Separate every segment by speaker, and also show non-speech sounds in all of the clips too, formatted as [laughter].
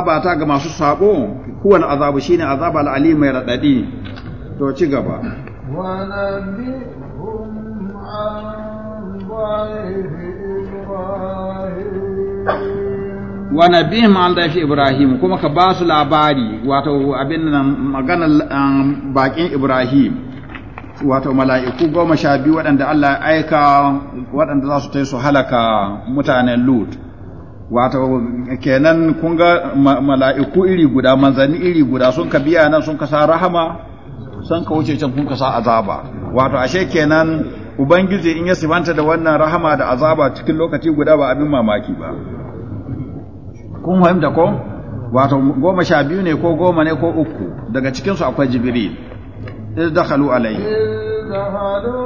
Speaker 1: abata ga masu sabo kowane azabu shine azaba al'ali mai raɗaɗi. to ci gaba wa nabihim an daifi ibrahim kuma ka basu labari wato abin nan maganar um, bakin ibrahim wato mala'iku goma sha biyu waɗanda Allah ya aika waɗanda za su tai su halaka mutanen lut wato kenan kun ga mala'iku iri guda manzanni iri guda sun ka biya nan sun kasa rahama sun ka wuce can kun kasa azaba wato ashe kenan ubangiji in ya sibanta da wannan rahama da azaba cikin lokaci guda ba abin mamaki ba kun fahimta ko wato goma sha biyu ne ko goma ne ko uku daga cikinsu akwai jibril iz dakhalu alayhi iz
Speaker 2: dakhalu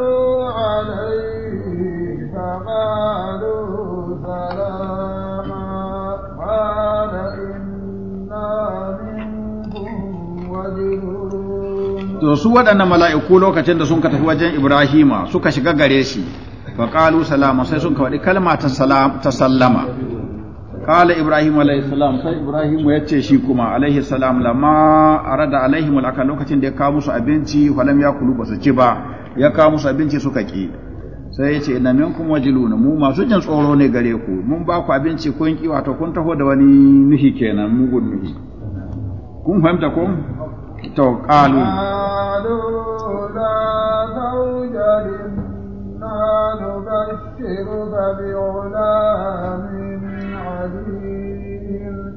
Speaker 2: alayhi faqalu salam
Speaker 1: to su waɗannan mala'iku lokacin da sun ka tafi wajen Ibrahima suka shiga gare shi fa qalu salama sai sun ka faɗi kalma ta salam ta sallama qala Ibrahim alayhi salam sai Ibrahim ya ce shi kuma alayhi salam lama arada alaihim alaka lokacin da ya kawo musu abinci falam yakulu basu ci ba ya kawo musu abinci suka ki sai yace inna minkum wajiluna mu masu jin tsoro ne gare ku mun ba ku abinci kun ki wato kun taho da wani nuhi kenan mugun nuhi kun fahimta ko to qalu
Speaker 2: la tawjalin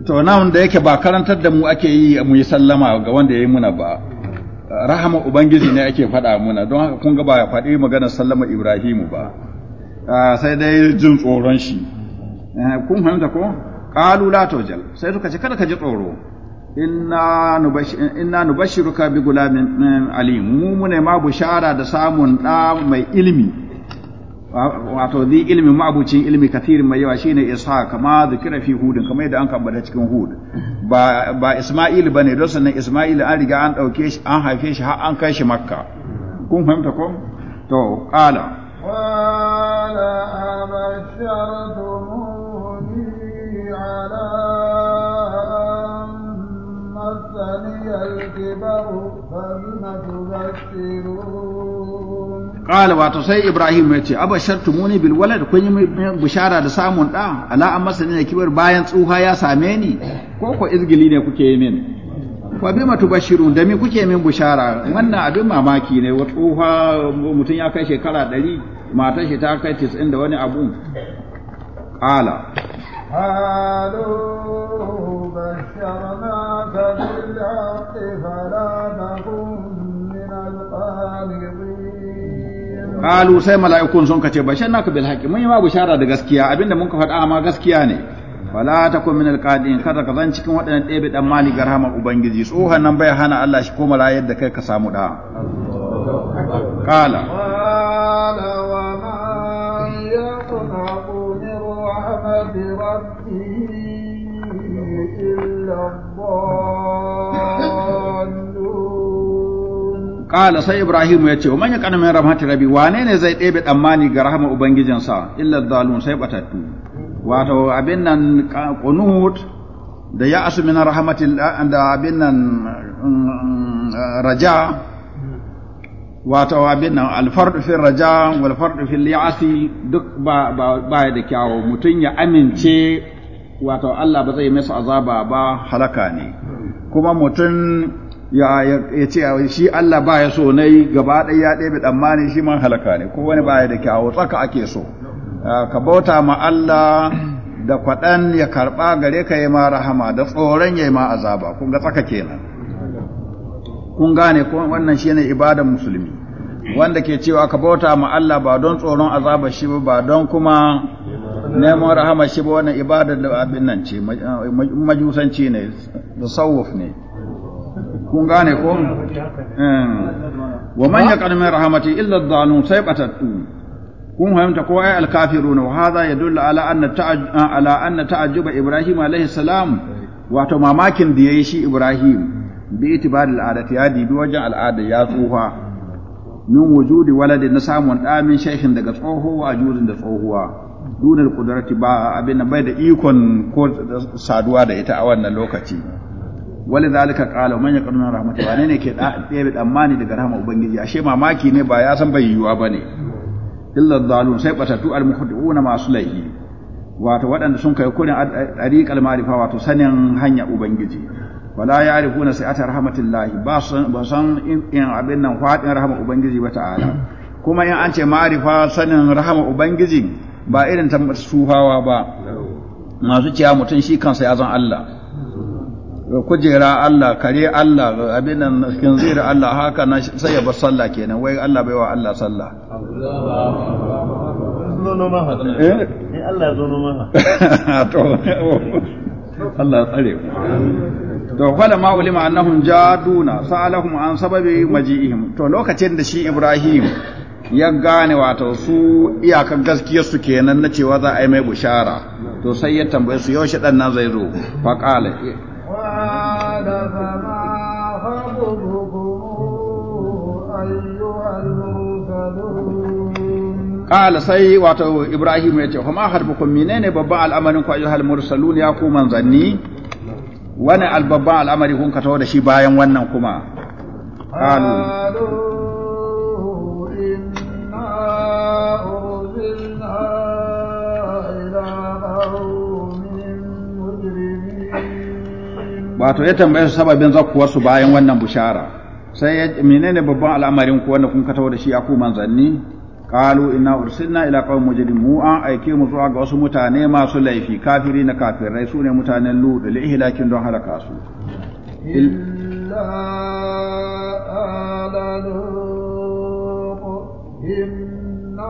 Speaker 1: To nan da yake ba karantar da mu ake yi mu yi sallama ga wanda yayi muna ba, rahama ubangiji ne ake faɗa muna don haka kun ga ba ya faɗi maganar sallama ibrahimu ba ah, sai dai jin tsoron shi eh, kun hanta ko qalu la tawjal sai suka ce kada ka ji tsoro inna nubashir inna nubashiruka bi gulamin eh, alim mu ne ma bushara da samun ɗa mai ilimi wato zai ilmi ma'abucin ilmi kathirin mai yawa shine isa kama zikira fi hudin kamar yadda an kambata cikin hud ba ba isma'il bane don sannan isma'il an riga an dauke shi an haife shi har an kai shi makka kun fahimta ko to qala qala
Speaker 2: abashartumuni ala
Speaker 1: qala wato sai ibrahim ya ce abashartumuni bil walad kun yi bishara da samun da ala an masa ne kibar bayan tsuha ya same ni ko ko izgili ne kuke yi min fa bima tubashirun da me kuke min bishara wannan abin mamaki ne wa tsuha mutum ya kai shekara 100 matar shi ta kai 90 da wani abu qala
Speaker 2: min al kalu
Speaker 1: sai mala'ikun sun kace naka bil haqqi mun yi ma bishara da gaskiya abinda mun ka faɗa ma gaskiya ne wala takun min alqadin kada ka zan cikin waɗannan ɗebe dan mali ga garhama ubangiji tsohon nan bai hana Allah shi ko mala yadda kai ka samu da kala. qala sai ibrahim ya ce man yaqana min rahmatir rabbi wane ne zai ɗebe tsammani ga rahama ubangijinsa illa zalun sai batattu wato abin nan qunut da ya asu min rahmatil da abin nan mm,
Speaker 2: mm,
Speaker 1: raja wato abin nan alfardu fil raja wal fardu fil ya'si duk ba ba da kyawo mutun ya amince wato Allah ba zai masa azaba ba halaka ne kuma mutum ya ya ce shi Allah ba ya so nayi gaba ɗaya ya ɗebe tsammani shi man halaka ne ko wani baya da kyawo tsaka ake so ah, ka bauta ma Allah da kwaɗan ya karɓa gare ka yi ma rahama da tsoron ya yi ma azaba kun ga tsaka kenan kun gane ko wannan shi ne ibadan musulmi wanda ke cewa ka bauta ma Allah ba don tsoron azaba shi ba ba don kuma neman rahama shi ba wannan ibadan da abin nan ce majusanci ne da ne kun gane ko wa man yaqan min rahmati illa adh sai batattu kun fahimta ko ai al-kafirun wa hadha yadullu ala anna ala anna ta'ajjuba ibrahim alayhi salam wato mamakin da yayi shi ibrahim bi itibar al ya dibi wajen al'ada ya tsufa min wujudi waladin na samun da min shaykhin daga tsoho a ajuzin da tsohuwa dunar kudarati ba abin bai da ikon ko saduwa da ita a wannan lokaci wali zalika qala man yaqnuna rahmatahu wane ne ke da ɗebe tsammani daga rahama ubangiji ashe mamaki ne ba ya san bai yiwuwa bane illa zalun sai batatu al muhdiuna masu laifi wato waɗanda sun kai kurin tariqal ma'rifa wato sanin hanya ubangiji wala ya'rifuna sa'ata rahmatillahi ba san ba san in abin nan faɗin rahama ubangiji ta'ala kuma in an ce ma'rifa sanin rahama ubangiji ba irin ta sufawa ba masu cewa mutum shi kansa ya zan Allah kujera Allah kare Allah abin nan zira Allah haka nan sai ya bar sallah kenan wai Allah bai wa Allah sallah eh? Eh, [laughs] Allah ya tsare to wala ma ulima annahum jaduna sa'alahum an sababi maji'ihim to lokacin da shi Ibrahim ya gane wato su iyakar gaskiyar su kenan na cewa za a yi mai bushara to sai ya tambaye su yaushe dan nan zai zo fa qala
Speaker 2: قال فما خطبكم أيها المرسلون
Speaker 1: قال سي واتو إبراهيم يتي فما خطبكم منين بابا الأمر أيها المرسلون يا كومن ظني وانا البابا الأمر يكون كتودا شي باين وانا كما
Speaker 2: قالوا
Speaker 1: wato ya tambaye su sababin zakkuwar su bayan wannan bushara sai ya menene babban al'amarin ku wanda kun katawa da shi a ku manzanni qalu inna ursilna ila qaumin mujrimin an aike mu zuwa ga wasu mutane masu laifi kafiri na kafirai sune mutanen lu da lihilakin don halaka
Speaker 3: su illa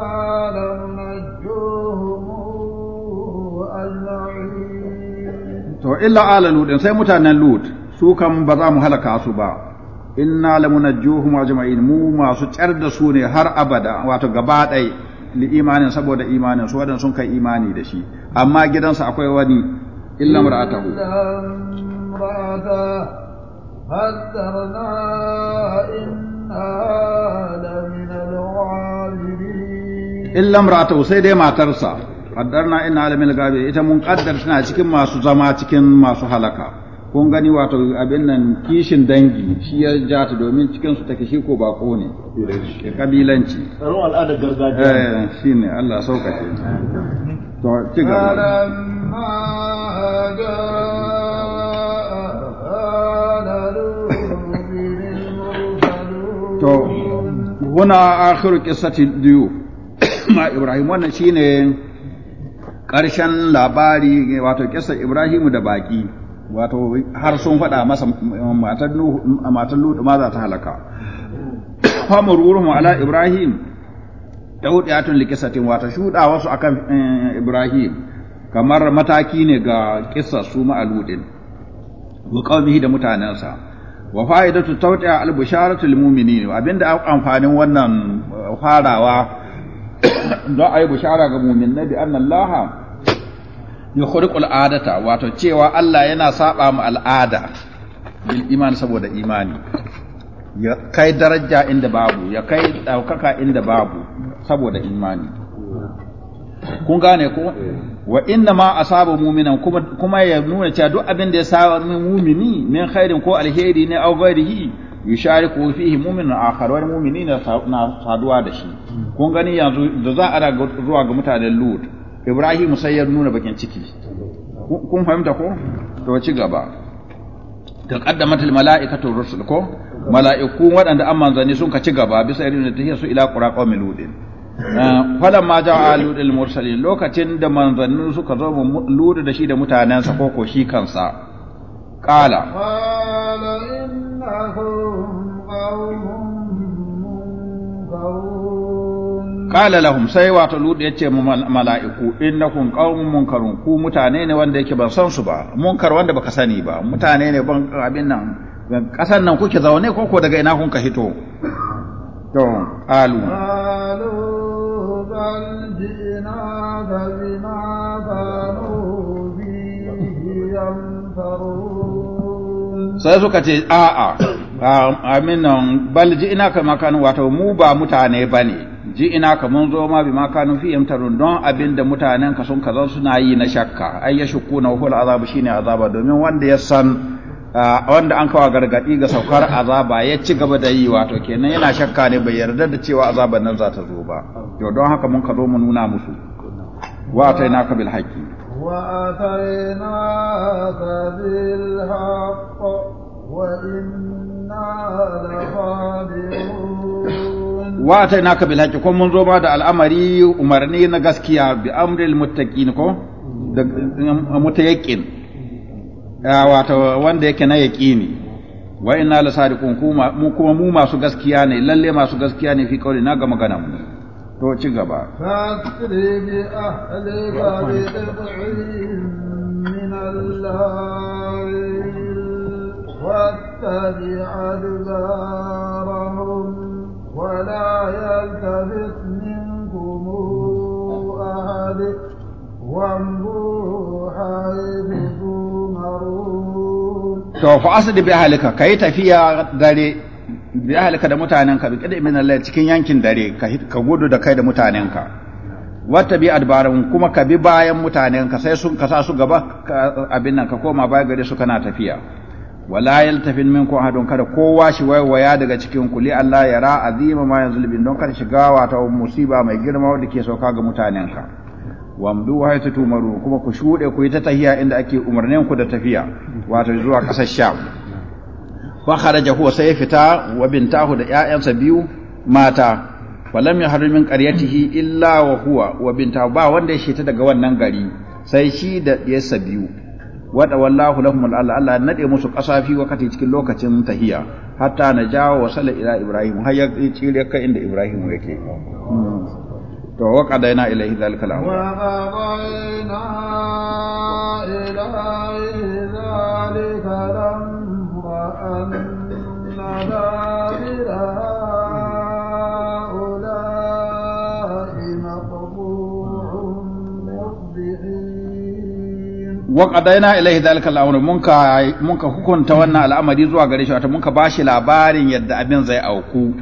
Speaker 2: ala inna
Speaker 1: to illa ala lut sai mutanen lut su kan ba za mu halaka su ba inna lamunajjuhum ajma'in mu masu tsar da su ne har abada wato gaba ɗai li imanin saboda imanin su wadan sun kai imani da shi amma gidansa akwai wani illa mar'atahu illa mar'atahu sai dai matarsa qaddarna inna alamil gabi ita mun qaddar tana cikin masu zama cikin masu halaka kun gani wato abin nan kishin dangi shi ya ja ta domin cikin su take shi ko ba ko ne ke kabilanci tsaron al'adar gargajiya eh shine Allah saukake to ci gaba to huna akhiru qissati diyu [coughs] ma ibrahim wannan shine ƙarshen labari wato kisa Ibrahimu da baƙi wato har sun faɗa masa matan Lutu ma za ta halaka famar wurin ala Ibrahim daudiyatun likisatin wato shuɗa wasu akan eh, Ibrahim kamar mataki ne ga kisa su ma'aludin wa qaumihi da mutanensa wa fa'idatu tawti'a al-bisharatu lil abinda amfanin wannan eh, farawa [coughs] don ayi bishara ga mu'minin bi anna yukhriqul adata wato cewa Allah yana saba mu al'ada bil iman saboda imani ya kai daraja inda babu ya kai daukaka inda babu saboda imani kun gane ko wa inna ma asaba mu'minan kuma kuma ya nuna cewa duk abin da ya saba mu'mini min khairin ko alheri ne aw ghairihi yushariku fihi mu'minun akhar wa mu'minina na saduwa da shi kun gani yanzu da za a zuwa ga mutanen lut Ibrahim sai ya nuna bakin ciki kun fahimta ko to ci gaba ta qaddamatul mala'ikatu rusul ko mala'iku waɗanda an manzani sun ka ci gaba bisa irin da take su ila qura qaumil ludin eh, falan ma ja'a ludil mursalin lokacin da manzannin suka zo ludu da shi da mutanensa ko ko shi kansa qala
Speaker 2: qala innahum qaumun
Speaker 1: Kala lahum sai wato lut ya ce mala'iku innakum qaumun munkarun ku mutane ne wanda yake ban san su ba munkar wanda baka sani ba mutane ne ban abin nan kasan nan kuke zaune ko ko daga ina kun ka hito to alu
Speaker 2: alu bal jina fa ba fanu bi yamtarun
Speaker 1: sai suka ce a'a amin nan bal jina kamar kan wato mu ba mutane bane ji ina ka mun zo ma bima kanu fi yamtarun don abinda mutanen ka sun kaza suna yi na shakka ai ya shukku na hul azaba shine azaba domin wanda ya san wanda an kawa gargadi ga saukar azaba ya ci gaba da yi wato kenan yana shakka ne bai yarda da cewa azaban nan za ta zo ba to don haka mun ka zo mu nuna musu wa ina ka bil haqqi
Speaker 2: wa ataina ka bil haqq wa inna la
Speaker 1: wa ta ina ka bilhaki ko mun zo ma da al'amari umarni na gaskiya bi amril muttaqin ko da mutayaqqin wato wanda yake na yaqini wa inna la sadiqun kuma mu kuma mu masu gaskiya ne lalle masu gaskiya ne fi kauli na ga magana mu to ci gaba
Speaker 2: fasribi ahli babi min ولا يلتفت منكم أحد وامضوا حيث
Speaker 1: to fa asdi bi ka yi tafiya dare bi ahlika da mutanenka bi kada min Allah cikin yankin dare ka gudu da kai da mutanenka wata bi adbaran kuma ka bi bayan mutanenka sai sun ka sa su gaba abin nan ka koma baya gare su kana tafiya wala yaltafin ku ahadun kada kowa shi waiwaya daga cikin ku li Allah yara azima ma yanzu bin don kada shiga wata musiba mai girma wanda ke sauka ga mutanen ka wamdu wa haythu tumaru kuma ku shude ku yi ta tahiya inda ake umarnin ku da tafiya wato zuwa kasar sham fa kharaja huwa sai fita wa bintahu da 'ya'yansa biyu mata ya haru min qaryatihi illa wa huwa wa bintahu ba wanda ya ta daga wannan gari sai shi da ɗiyarsa biyu wada wallahu lahum Allah Allah nade musu kasafi wakati cikin lokacin tahiya hatta na jawo wa sala ila ibrahim har ya cire kai inda ibrahim yake to wa qadaina ilayhi dhalika al wa
Speaker 2: qadaina ilayhi wa anna
Speaker 1: wa qadaina ilaihi zalika al-amr munka munka hukunta wannan al'amari zuwa gare shi wato munka bashi labarin yadda abin zai auku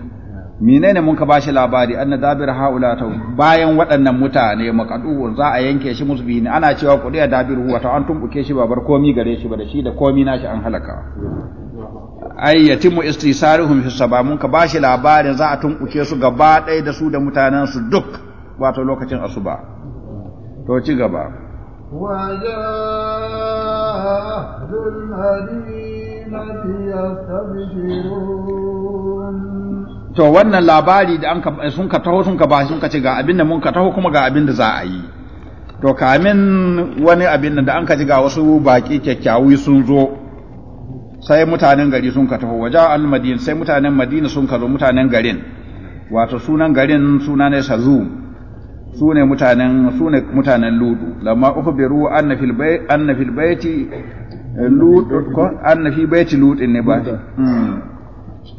Speaker 1: menene munka bashi labari anna dabir haula ta bayan waɗannan mutane makadu za a yanke shi bini. ana cewa kuɗi a dabir wato an tumbuke shi babar komi gare shi ba da shi da komi nashi an halaka ay yatimu istisaruhum fi saba munka bashi labarin za a tumbuke su gaba da su da mutanen duk wato lokacin asuba to ci gaba
Speaker 2: وجاء أهل المدينة يستبشرون
Speaker 1: to wannan labari da sun ka taho sun ka ba sun ka ce ga abin da mun ka taho kuma ga abin da za a yi to kamin wani abin da an ka ji ga wasu baki kyakkyawi sun zo sai mutanen gari sun ka taho waje al madina sai mutanen madina sun ka zo mutanen garin wato sunan garin suna ne sazum sune mutanen sune mutanen ludu lamma ukhbiru anna fil bayt anna fil bayti lut ko anna fi bayti lut ne ba hmm.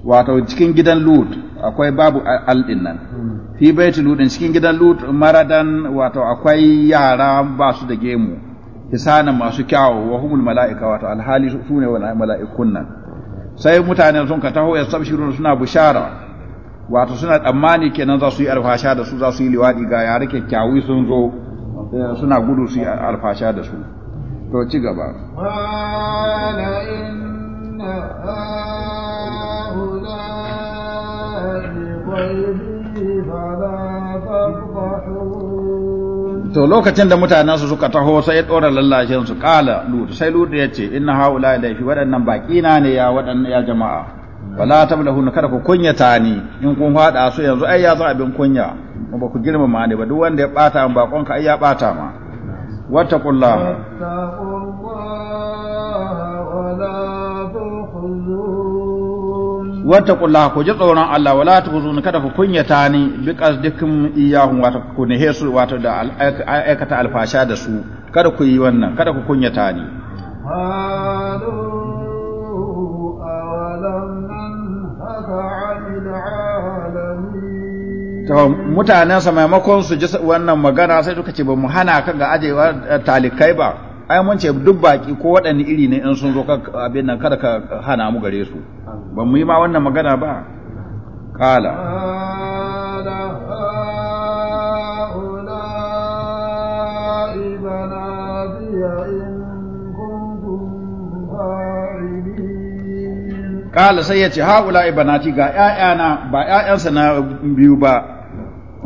Speaker 1: wato cikin gidan lut akwai babu aldin nan hmm. fi bayti lut cikin gidan lut maradan wato akwai yara ba su da gemu hisanan masu kyawu wa humul mala'ika wato alhali sune wala mala'ikun nan sai mutanen sun ka taho ya sabshirun suna bushara wato suna tsammani kenan za su yi alfasha da su za su yi liwaɗi ga yare kyakkyawi sun zo eh, suna gudu su yi alfasha da su to ci gaba to lokacin da mutanen su suka taho sai ya ɗora lallashin su kala lutu sai lutu ya ce inna haula da fi waɗannan baƙina ne ya waɗannan ya jama'a wala tablahu kada ku kunyata ni in kun fada su yanzu ai ya zo abin kunya ba ku girmama ne ba duk wanda ya bata min bakon ka ai ya bata ma wata wata wattaqullaha ku ji tsoron Allah wala ni kada ku kunyata ni bi qasdikum iyyahum wata ku ne su wata da aikata alfasha da su kada ku yi wannan kada ku kunyata ni to mutanen sa maimakon su ji wannan magana sai suka ce ba mu hana ka ga ajewa eh, talikai ba ai mun ce duk baki ko waɗanne iri ne in sun zo ka abin nan kada ka hana mu gare su ba mu yi ma wannan magana ba kala Kala sai ya ce, Ha'ula ibanati ga ‘ya'yana ba ‘ya'yansa na biyu ba,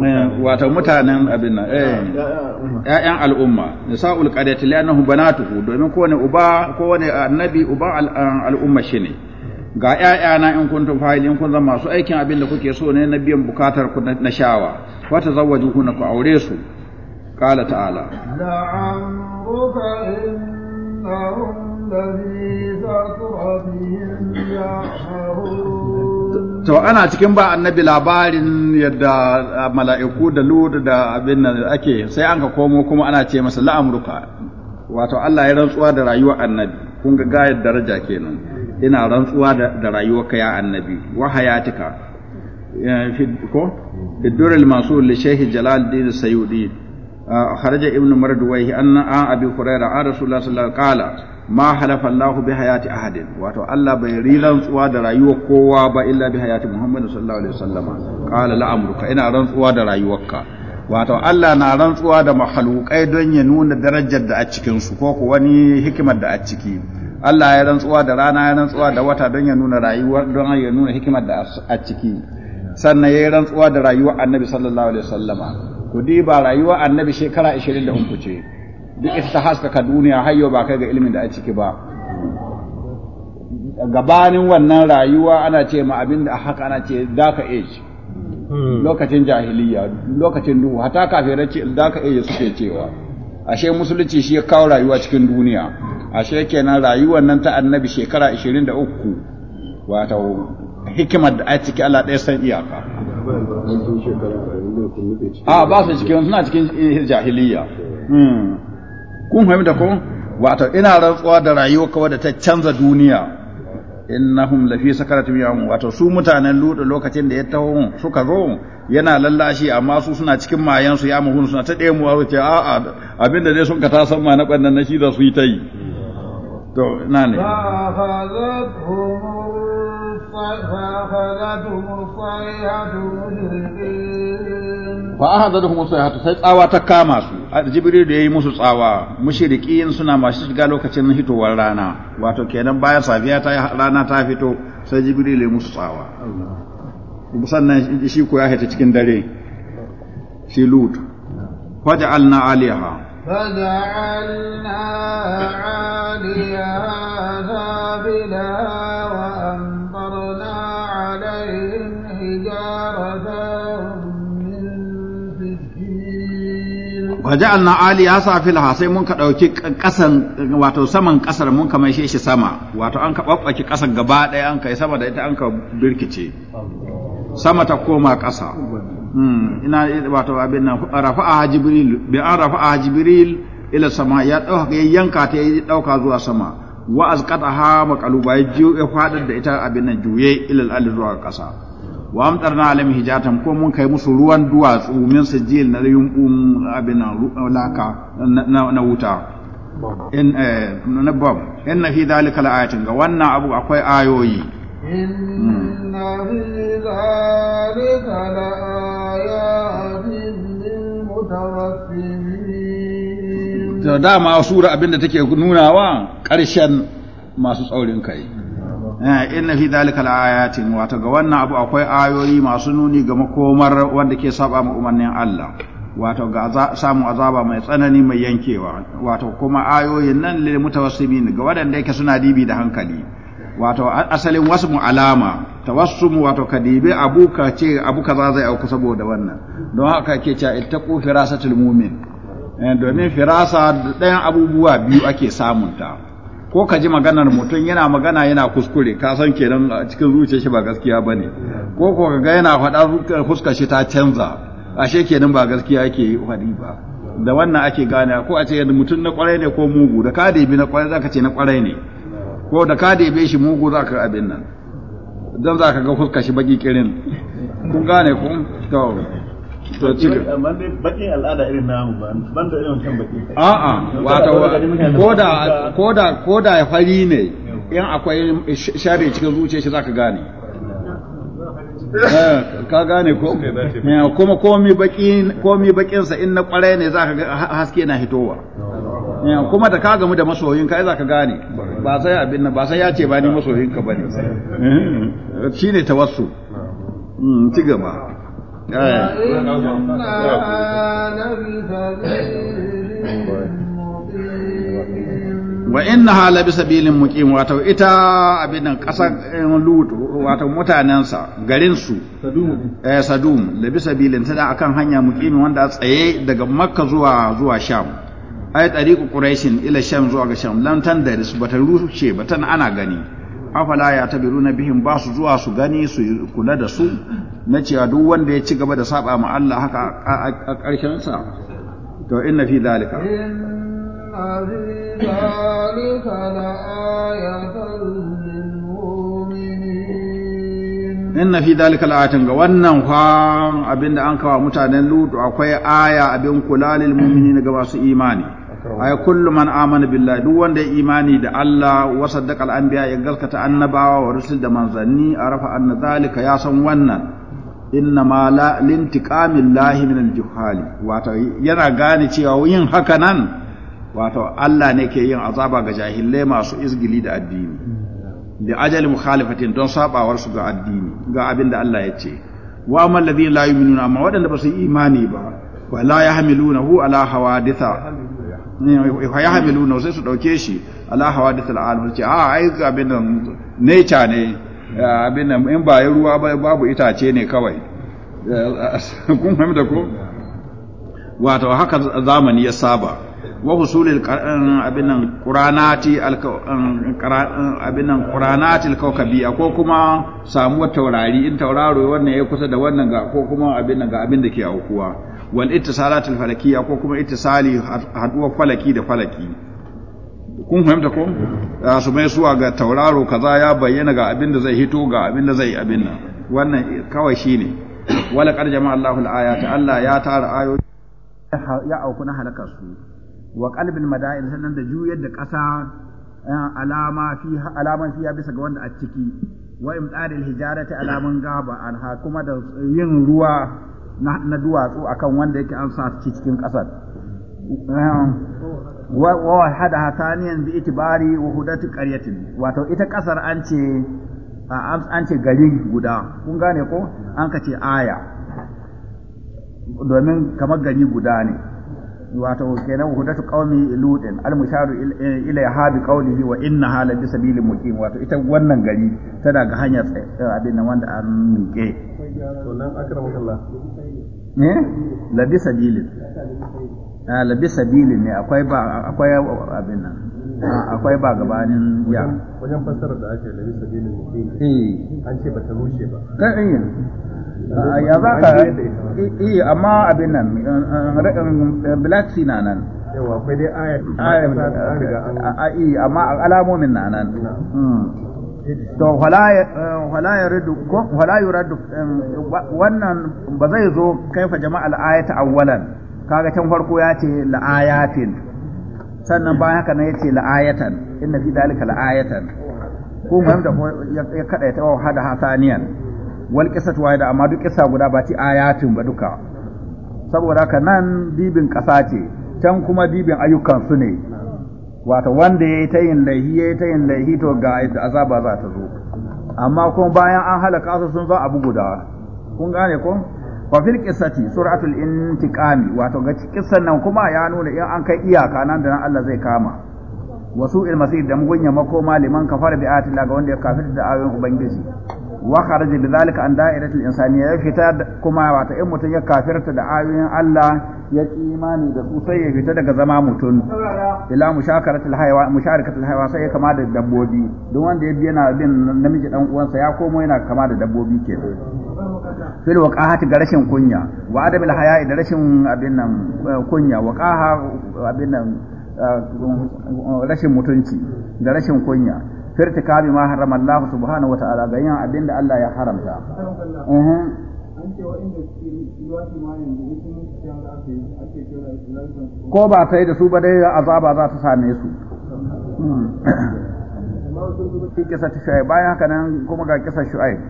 Speaker 1: Eh, wato mutanen abin nan eh ƴaƴan al'umma nisa'ul qaryati li'annahum banatuhu domin kowane uba kowane annabi uba eh, al'umma shine ga ƴaƴa na kun tun fa'ilin kun zama masu aikin abin da kuke so ne na biyan bukatar ku na shawa ta tazawwaju kuna ku aure su qala ta'ala
Speaker 2: la'amruka innahum lafi satrabihim ya'harun
Speaker 1: to ana cikin ba annabi labarin yadda mala'iku da lud da abin nan ake sai an ka komo kuma ana ce masa la'amruka wato Allah ya rantsuwa da rayuwar annabi kun ga gayar daraja kenan ina rantsuwa da rayuwa ka ya annabi wa hayatika ko al masul li shaykh jalaluddin sayyidi kharaja ibnu marduwayh anna abi hurairah rasulullah sallallahu alaihi wasallam qala ma halafa Allahu bi hayati ahadin wato Allah bai rantsuwa da rayuwar kowa ba illa bi hayati Muhammad sallallahu alaihi wasallama qala la amruka ina rantsuwa da rayuwarka wato Allah na rantsuwa da mahalukai don ya nuna darajar da a cikin su ko wani hikimar da a ciki Allah ya rantsuwa da rana ya rantsuwa da wata don ya nuna rayuwar don ya nuna hikimar da a ciki sannan ya yi rantsuwa da rayuwar Annabi sallallahu alaihi wasallama ku diba rayuwar Annabi shekara 23 ce duk ita ta haskaka duniya har ba kai ga ilimin da a ciki ba gabanin wannan rayuwa ana ce ma abin da haka ana ce daka age hmm. lokacin jahiliya lokacin duhu hata kafirai ce daka age suke cewa ashe musulunci shi ya kawo rayuwa cikin duniya ashe kenan rayuwar nan ta annabi shekara 23 wata hikimar da a ciki Allah ɗaya san iyaka a ba su cikin suna cikin eh, jahiliya hmm. kun fahimta ko wato ina rantsuwa da rayuwa kawai da ta canza duniya innahum lafi sakaratum yawm wato su mutanen ludu lokacin da ya taho suka zo yana lallashi amma su suna cikin mayan su ya muhun suna ta ɗemu a ce a a abinda dai sun ka ta san ma na bannan na shi da su yi ta yi to na ne fa ahadathum sayhatu sai tsawa ta kama su jibril da yayi musu tsawa mushrikin suna masu shiga lokacin hitowar rana wato kenan bayan safiya ta rana ta fito sai jibril ya musu tsawa sannan shi ko ya hita cikin dare shi lut faj'alna aliha
Speaker 2: faj'alna aliha
Speaker 1: waja'alna aliya safilha sai mun ka dauki kasan wato saman kasar mun ka maishe shi sama wato an ka babbaki kasar gaba daya an kai sama da ita an ka birkice sama ta koma kasa hmm, ina wato abin nan rafa'a jibril bi an rafa'a jibril ila sama ya dauka ya yanka ta ya dauka zuwa sama wa azqataha maqaluba ya fadar da ita abin nan juye ila al-ardi zuwa kasa wa amtarna alaihim hijatan ko mun kai musu ruwan duwatsu min sijil na um abin laka na wuta in eh, na bab in na fi dalika la'ayatin ga wannan abu akwai ayoyi inna fi
Speaker 2: dalika la'ayatin
Speaker 1: lil da dama sura abinda take nunawa ƙarshen masu tsaurin kai Eh, inna fi dhalika laayatin wato ga wannan abu akwai ayoyi masu nuni ga makomar wanda ke saba ma umarnin Allah wato ga samu azaba mai tsanani mai yankewa wato kuma ayoyin nan lil mutawassimin ga wadanda yake suna dibi da hankali wato asalin wasmu alama tawassum wato kadibi abu ce abu kaza zai auku saboda wannan don haka ke cewa ittaqu firasatul mu'min eh, domin firasa ɗayan abubuwa biyu ake samunta ko ka ji maganar mutum yana magana yana kuskure ka san kenan a cikin zuciya shi ba gaskiya bane ko ko ga yana faɗa fuskar shi ta canza ashe kenan ba gaskiya yake faɗi ba da wannan ake gane ko a ce mutum na kwarai ne ko mugu da ka bi na kwarai zaka ce na kwarai ne ko da ka bi shi mugu zaka abin nan dan zaka ga fuskar shi baki kirin kun gane kun to to ci
Speaker 3: amma bakin al'ada irin namu ban da irin kan baki wato koda
Speaker 1: koda koda fari ne
Speaker 3: in akwai
Speaker 1: share cikin zuciya shi zaka gane eh, ka gane ko eh, kuma komi bakin komi bakin sa in na kwarai ne zaka ga haske na hitowa eh, kuma da ka gamu da masoyin ka zaka gane ba sai abin nan ba sai ya ce ba ni masoyin ka bane shine tawassu hmm, ci gaba wa inna hala bi sabilin muqim wato ita abin kasar eh, lut wato mutanensa garin su eh sadum la bi sabilin tada akan hanya muqim wanda a tsaye daga makka zuwa zuwa sham ay tariqu quraishin ila sham zuwa ga sham lan tandaris bata ruce batan ana gani afala ya na bihin ba su zuwa su gani su kula da su na cewa duk wanda ya ci gaba da saba ma Allah haka a ƙarshen sa to inna fi dalika inna fi zalika la'atin ga wannan fa abinda an kawa mutanen lutu akwai aya abin kula lil mu'minina ga masu imani ay kullu man amana billahi duk wanda ya imani da Allah wa saddaqa al-anbiya ya galkata annabawa wa rusul da manzanni arafa anna zalika ya san wannan inna ma la lintiqamil lahi min al-juhali wato yana gane cewa yin haka nan wato Allah ne ke yin azaba ga jahilai masu izgili da addini da ajali mukhalifatin don sabawar su ga addini ga abin da Allah ya ce wa amma alladhina la yu'minuna amma waɗanda ba su imani ba wa la yahmiluna ala hawaditha fa ya hamilu na sai su dauke shi ala hawadithil alam ce a ah, ai abin nan nature ne ah, abin nan in ba ruwa ba babu itace ne kawai ah, [laughs] kun fahimta ko wato haka zamani ya saba wa husulil abin nan quranati abin nan al kawkabi ko kuma samuwar taurari in tauraro wannan ya kusa da wannan ga ko kuma abin nan ga abin da ke aukuwa wal al falakiyya ko kuma ittisali haduwar falaki da falaki kun fahimta ko su mai suwa ga tauraro kaza ya bayyana ga abin da zai hito ga abin da zai abin nan wannan kawai shine wala qad jama'a Allahu al-ayata Allah ya tara ayoyi ya auku na halakar su wa qalbil mada'in sannan da juyar da ƙasa eh, alama fi alaman fiya bisa ga wanda a ciki wa hijara hijarati alaman gaba anha kuma da yin ruwa na duwatsu a kan wanda yake an sa cikin ƙasar wa hada taniyan bi itibari wa hudati qaryatin wato ita ƙasar an ce an ce gari guda kun gane ko an ka ce aya domin kamar gari guda ne wato kenan hudatu qaumi ludin almusharu e, ila habi qawlihi wa inna hala bi sabilin muqim wato ita wannan gari tana ga hanyar eh, abin nan wanda an miƙe
Speaker 4: to nan akramakallah ne
Speaker 1: labi sabilin a labi sabilin ne akwai ba akwai abin nan akwai ba gabanin ya
Speaker 4: wajen fassara da ake labi sabilin
Speaker 1: ne an ce ba ta rushe ba kan iya ya za ka iya amma abin nan black sea na nan yawa akwai dai a ayar amma alamomin na nan to wala yuraddu wannan ba zai zo kaifa jama'al ayata awwalan kaga can farko ya ce ayatin sannan bayan haka nan ya ce la'ayatan inna fi dalika la'ayatan ko mu da ya kada ta hada hasaniyan wal qisatu wahida amma duk qissa guda ba ci ayatin ba duka saboda haka nan dibin kasa ce can kuma bibin ayyukan su ne wato wanda ya yi ta yin laihi ya yi ta yin laihi to ga azaba za ta zo amma kuma bayan an halaka su sun zo abu guda kun gane ko fa fil qissati suratul intiqami wato ga kissan nan kuma ya nuna in an kai iyaka nan da nan Allah zai kama wasu il masir da mugunya makoma liman kafara bi ga wanda ya kafir da ayoyin ubangiji wa kharaja zalika an da'iratul insaniya ya fita kuma wata in mutum ya kafirta da ayoyin Allah ya ki imani da su sai ya fita daga zama mutum ila musharakatul haywa musharakatul haywa sai ya kama da dabbobi duk wanda ya bi yana bin namiji dan uwansa ya komo yana kama da dabbobi ke fil waqahati ga rashin kunya wa adamil haya'i da rashin abin nan eh, kunya waqaha abin nan eh, rashin mutunci da rashin kunya firtika bi ma harama Allah subhanahu wa ta'ala ga yin abin da Allah ya haramta eh
Speaker 4: ko
Speaker 3: ba ta yi da su ba dai azaba za ta same su
Speaker 1: kisa ta shu'aib bayan haka nan kuma ga kisa shu'aib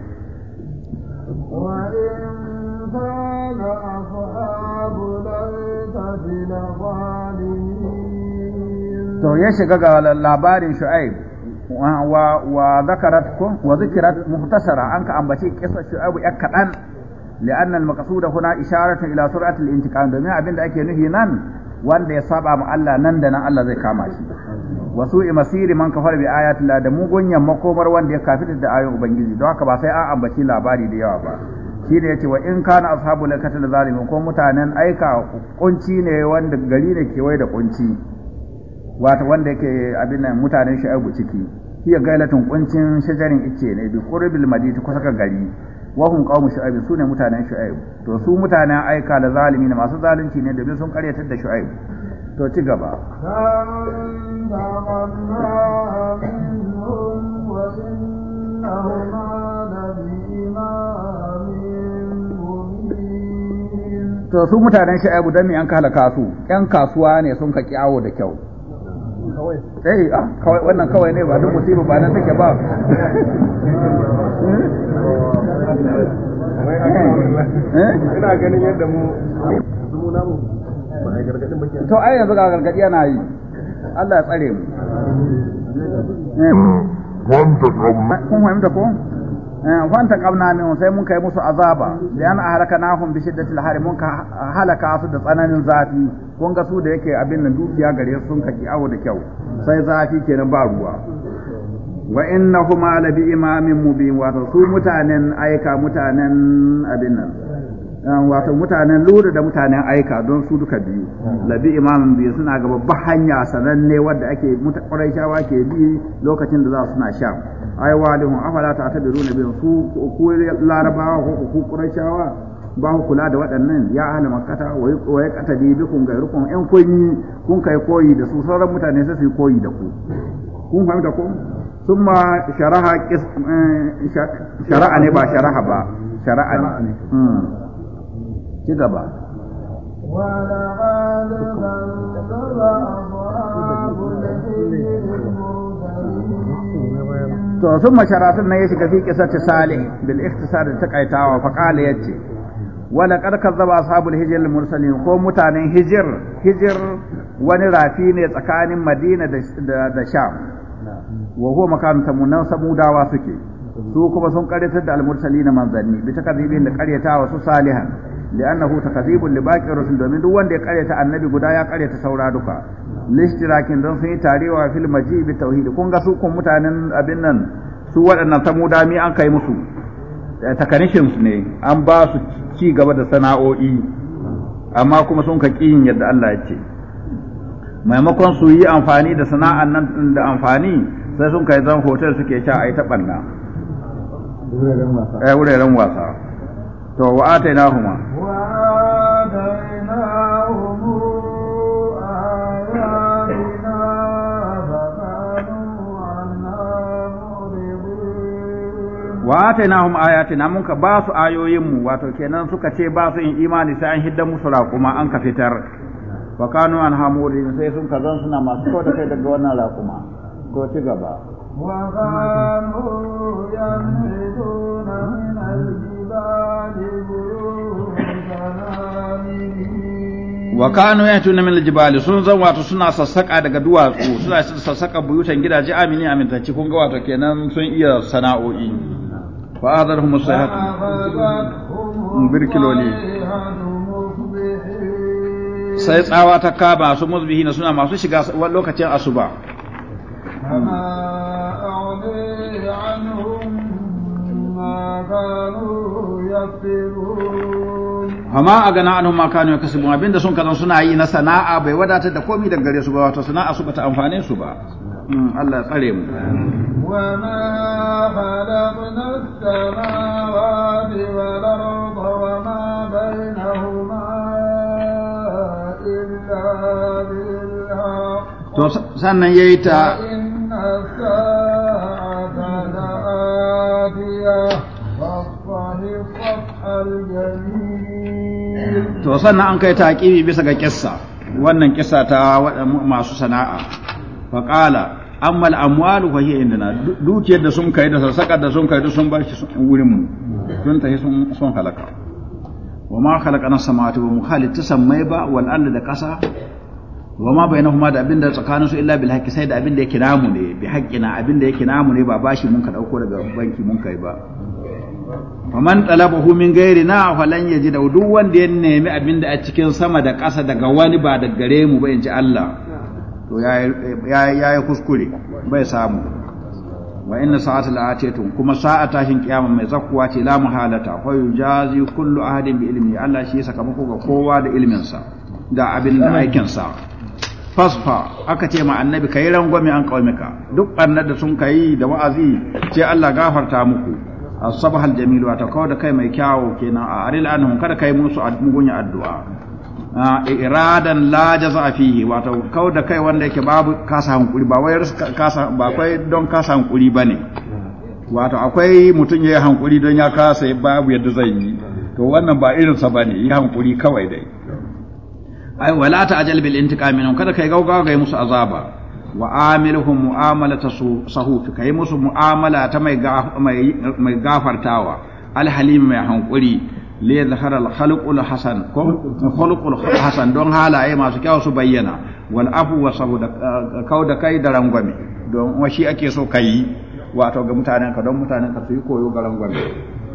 Speaker 1: to ya shiga ga labarin shu'aib wa wa zakarat kun wa zikirat muhtasara an ka ambaci kisa shu'abu ya kadan لأن المقصود هنا إشارة إلى سرعة الانتقام domin abin da ake nuhi nan wanda ya saba ma Allah nan da nan Allah zai kama shi wasu masiri man kafar bi ayati la da mugun makomar wanda ya kafita da ayoyin ubangiji don haka ba sai an ambaci labari da yawa ba shi ne yace wa in kana ashabul katil zalimin ko mutanen aika kunci ne wanda gari ne kewaye da kunci wata wanda yake abin nan mutanen sha'abu ciki hiya gailatun kuncin shajarin icce ne bi qurbil madina kusa ga gari wa hum qaumu shu'aib sune mutanen shu'aib to su mutanen aika da zalimi ne masu zalunci ne domin sun karyatar da shu'aib to ci gaba to su mutanen shu'aib dan me an halaka su yan kasuwa ne sun ka kiyawo
Speaker 3: da kyau eh ah, kawai wannan kawai ne ba duk musiba ba nan take ba hmm? eh? ina ganin yadda mu mu ba gargadin ba gargadi yana yi tsare mu eh. kun fahimta ko
Speaker 1: fanta eh, qabna min sai mun kai musu azaba da lian nahum bi shiddatil har mun ka halaka su da tsananin zafi kun ga su da yake abin nan dukiya gare su sun kaki awo da kyau sai zafi kenan ba ruwa wa innahuma la bi imamin mubin wa su mutanen aika mutanen abin nan wato mutanen lura da mutanen aika don su duka biyu hmm. labi imamin biyu suna ga babban hanya sananne wadda ake mutakwarai shawa ke bi lokacin da za su na sha ai hun afala ta ta biru na biyun su ku larabawa ko ku kwarai shawa ba ku kula da waɗannan ya ahli makkata wa ya kata bi bikum gairukum in kun yi kun kai koyi da su sauran mutane sai su yi koyi da ku kun fahimta ko ثم شرح شرع ne ba شرح ba شرع ne hmm.
Speaker 3: ci gaba
Speaker 2: ولقد كذب أصحاب
Speaker 3: to sun
Speaker 1: masharatun nan ya shiga fi kisarci salih bil ikhtisar da takaitawa fa qala yace wala qad kazzaba ashabul hijr mursalin ko mutanen hijir hijir wani rafi ne tsakanin madina da da sham wa huwa makan tamunan samudawa suke su kuma sun ƙaryatar da al na manzanni bi takazibin da karyatawa su salihan li'annahu takzibun li baqi rusul domin duk wanda ya karyata annabi guda ya ta saura duka lishtirakin don sun yi tarewa fil majibi tauhidi kun ga su mutanen abin nan su waɗannan samudami an kai musu takanishin ne an ba su ci gaba da sana'o'i amma kuma sun ka yadda Allah ya ce maimakon su yi amfani da sana'an nan da amfani sai sun kai zan hotel suke sha a yi ta wuraren wasa to wa huma wa atainahum ayatina mun ka ba su ayoyinmu wato kenan suka ce ba su in imani sai an hidda musu raƙuma an ka fitar wa kanu an hamuri sai sun ka zan suna masu kau da kai daga wannan raƙuma ko ci gaba
Speaker 4: wa kanu
Speaker 2: yamhiduna
Speaker 1: min wa kanu yatuna min aljibal sun zan wato suna sassaka daga duwatsu suna sassaka buyutan gidaje amini amintacci kun ga wato kenan sun iya sana'o'i fa azarhum sayhat birkiloli sai tsawa ta kaba su na suna masu shiga lokacin asuba ma a'udhi anhum
Speaker 2: ma kanu
Speaker 1: amma a gana anu ma kanu ya kasu abin da sun kazan suna yi na sana'a bai wadatar da komi da gare su ba wato sana'a su bata amfane su ba hmm, Allah tsare mu wama halaqna
Speaker 2: as-samawati wal
Speaker 1: to sannan yayi ta
Speaker 2: inna
Speaker 1: to sannan an kai taƙibi bisa ga kissa wannan kissa ta masu sana'a faƙala amma al'amwalu fa hiya indana dukiyar da sun kai da sassaƙar da sun kai da sun bashi wurin mu sun tafi sun halaka wa ma na samawati wa mukhalitu sammai ba wal ardi da ƙasa wa ma bainahuma da abinda tsakanin su illa bil haqqi sai da abinda yake namu ne bi haqqina abinda yake namu ne ba bashi mun ka dauko daga banki mun kai ba faman talabahu min na falan da duk wanda ya nemi abin da a cikin sama da ƙasa daga wani ba da gare mu ba in ji Allah to ya yi kuskure bai samu wa inna sa'ata la'atiyatun kuma sa'a tashin kiyama mai zakkuwa ce la muhalata fa yujazi kullu ahadin bi ilmi Allah shi muku ga kowa da ilmin sa da abin da aikin sa fasfa aka ce ma annabi kai rangwame an kaumika duk annabi sun kai da wa'azi ce Allah gafarta muku الصباح الجميل al-jamil ما يكاو kai mai kyawo kenan a aril kada kai musu mugunya addu'a iradan la jaza fihi wa ta kawo da kai wanda yake babu kasa don kasa bane wato akwai mutum ya yi hankuri don ya kasa babu yadda zai yi to wannan ba irin sa bane yi hankuri kawai dai ai wala ta ajal bil intiqam min kada kai gaugawa ga musu azaba wa amilhum mu'amalata sahufi kai musu mu'amala ta mai mai gafartawa alhalim mai hankuri li yadhhara alkhalqul hasan ko hasan don halaye masu kyau su bayyana wal afu wa sahuda kauda kai da rangwame don washi ake so kai wato ga mutanen ka don mutanen ka su yi koyo ga rangwame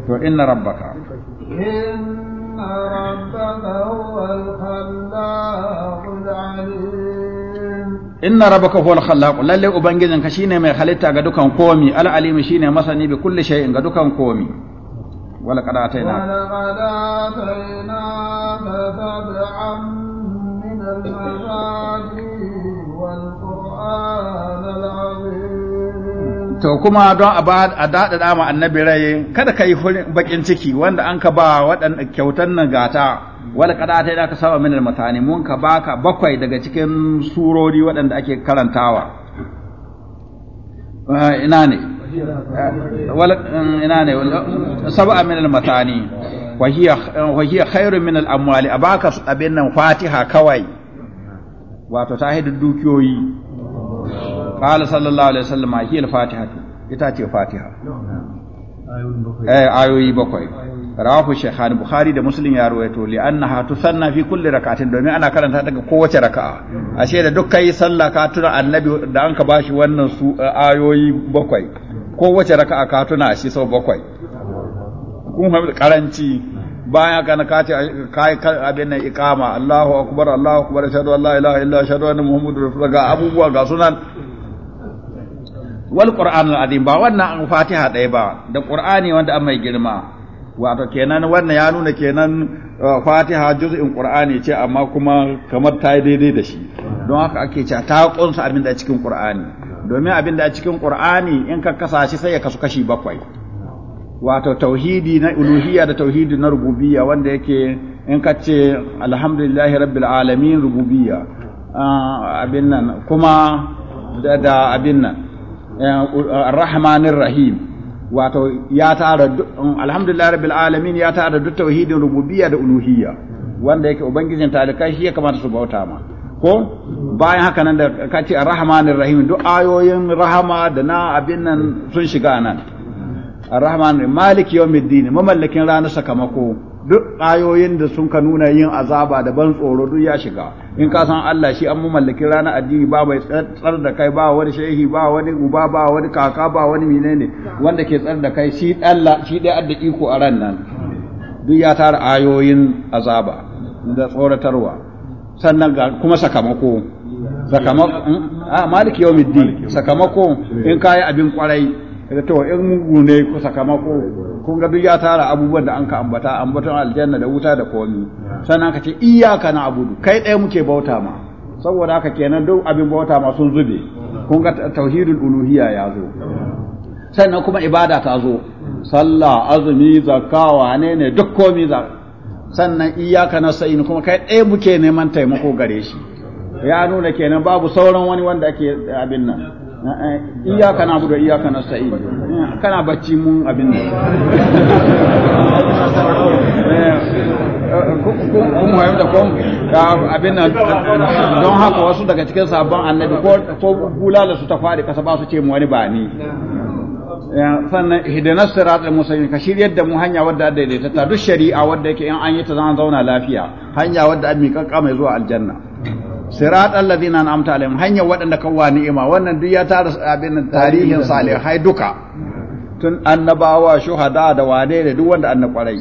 Speaker 1: to inna rabbaka
Speaker 2: inna rabbaka huwal khallaqul alim
Speaker 1: inna rabbaka huwal khallaq lalle ubangijin ka shine mai halitta ga dukan komi al alim shine masani bi kulli shay'in ga dukan komi wala qad ataina
Speaker 2: wala qad ataina sab'an min al wal qur'an al azim
Speaker 1: to kuma don a ba a da ma annabi rai kada kai bakin ciki wanda an ka ba waɗannan kyautan nan gata wala kada ta da ka saba min al-matani mun ka baka bakwai daga cikin surori waɗanda ake karantawa eh, ina ne wala eh, ina ne saba min al-matani wa hiya wa hiya khairun min al-amwali abaka abin nan fatiha kawai wato ta hidu dukiyoyi qala sallallahu alaihi wasallam hiya al-fatiha ita ce fatiha
Speaker 4: eh ayoyi
Speaker 1: bakwai rawahu shaykhan bukhari da muslim ya rawaito li annaha tusanna fi kulli rak'atin domin ana karanta daga kowace raka'a ashe da duk kai sallah ka tuna annabi da an ka bashi wannan su ayoyi bakwai kowace raka'a ka tuna shi sau bakwai kun fahimta karanci bayan ka na kace kai abin nan iqama Allahu akbar Allahu akbar ashhadu an la ilaha illa ashhadu anna muhammadur rasulullah ga abubuwa ga sunan wal qur'anul azim ba wannan an fatiha ɗaya ba da qur'ani wanda an girma wato kenan wannan ya nuna kenan uh, fatiha juz'in qur'ani ce amma kuma kamar ta daidai da shi don haka ake cewa ta kunsa abin da a cikin qur'ani domin abin a cikin qur'ani in ka kasa shi sai ya kasu kashi bakwai wato tauhidi na uluhiyya da tauhidi na rububiyya wanda yake in ka ce alhamdulillahi rabbil alamin rububiyya uh, abin nan kuma da abin nan uh, rahmanir rahim wato ya tara um, alhamdulillah rabbil alamin ya tara duk tauhidin rububiyya da uluhiyya wanda yake ubangijin talikai shi ya kamata su bauta ma ko bayan haka nan da ka ce arrahmanir rahim duk ayoyin rahama da na abin nan sun shiga nan arrahmanir malik yawmiddin mamallakin ranar sakamako duk ayoyin da sun ka nuna yin azaba da ban tsoro duk ya shiga in ka san Allah shi an mamallakin ranar addini ba mai tsar da kai ba wani shehi ba wani uba ba wani kaka ba wani menene wanda ke tsar da kai shi Allah shi dai adda iko a ran nan duk ya tara ayoyin azaba da tsoratarwa sannan ga kuma sakamako sakamako hmm? a malik yawmiddin sakamako in kai abin kwarai to in mugu ne sakamako kun ga duk ya tara abubuwan da an ka ambata ambaton aljanna da wuta da komi sannan ka ce iyyaka na'budu kai ɗaya muke bauta ma saboda haka kenan duk abin bauta ma sun zube kun ga tauhidul uluhiyya ya zo sannan kuma ibada ta zo sallah azumi zakka ne ne duk komi za sannan iyyaka nasta'in kuma kai ɗaya muke neman taimako gare shi ya nuna kenan babu sauran wani wanda ake abin nan iyaka na budo iyaka kana sa'i kana bacci mun abin da. Kuma hayo da kun abin nan don haka wasu daga cikin sabon annabi ko bulala su ta fadi kasa ba su ce mu wani ba ni eh, sannan hidinas sirat al-mustaqim ka shiryar da mu hanya wadda daidaita ta duk shari'a wadda yake in an yi ta zan zauna lafiya hanya wadda abin miƙaƙa mai zuwa aljanna sirat alladhina an'amta alaihim hanyar waɗanda kawwa ni'ima wannan duk ya tara abin tarihin salihai duka tun annabawa shuhada da wane da duk wanda annab kwarai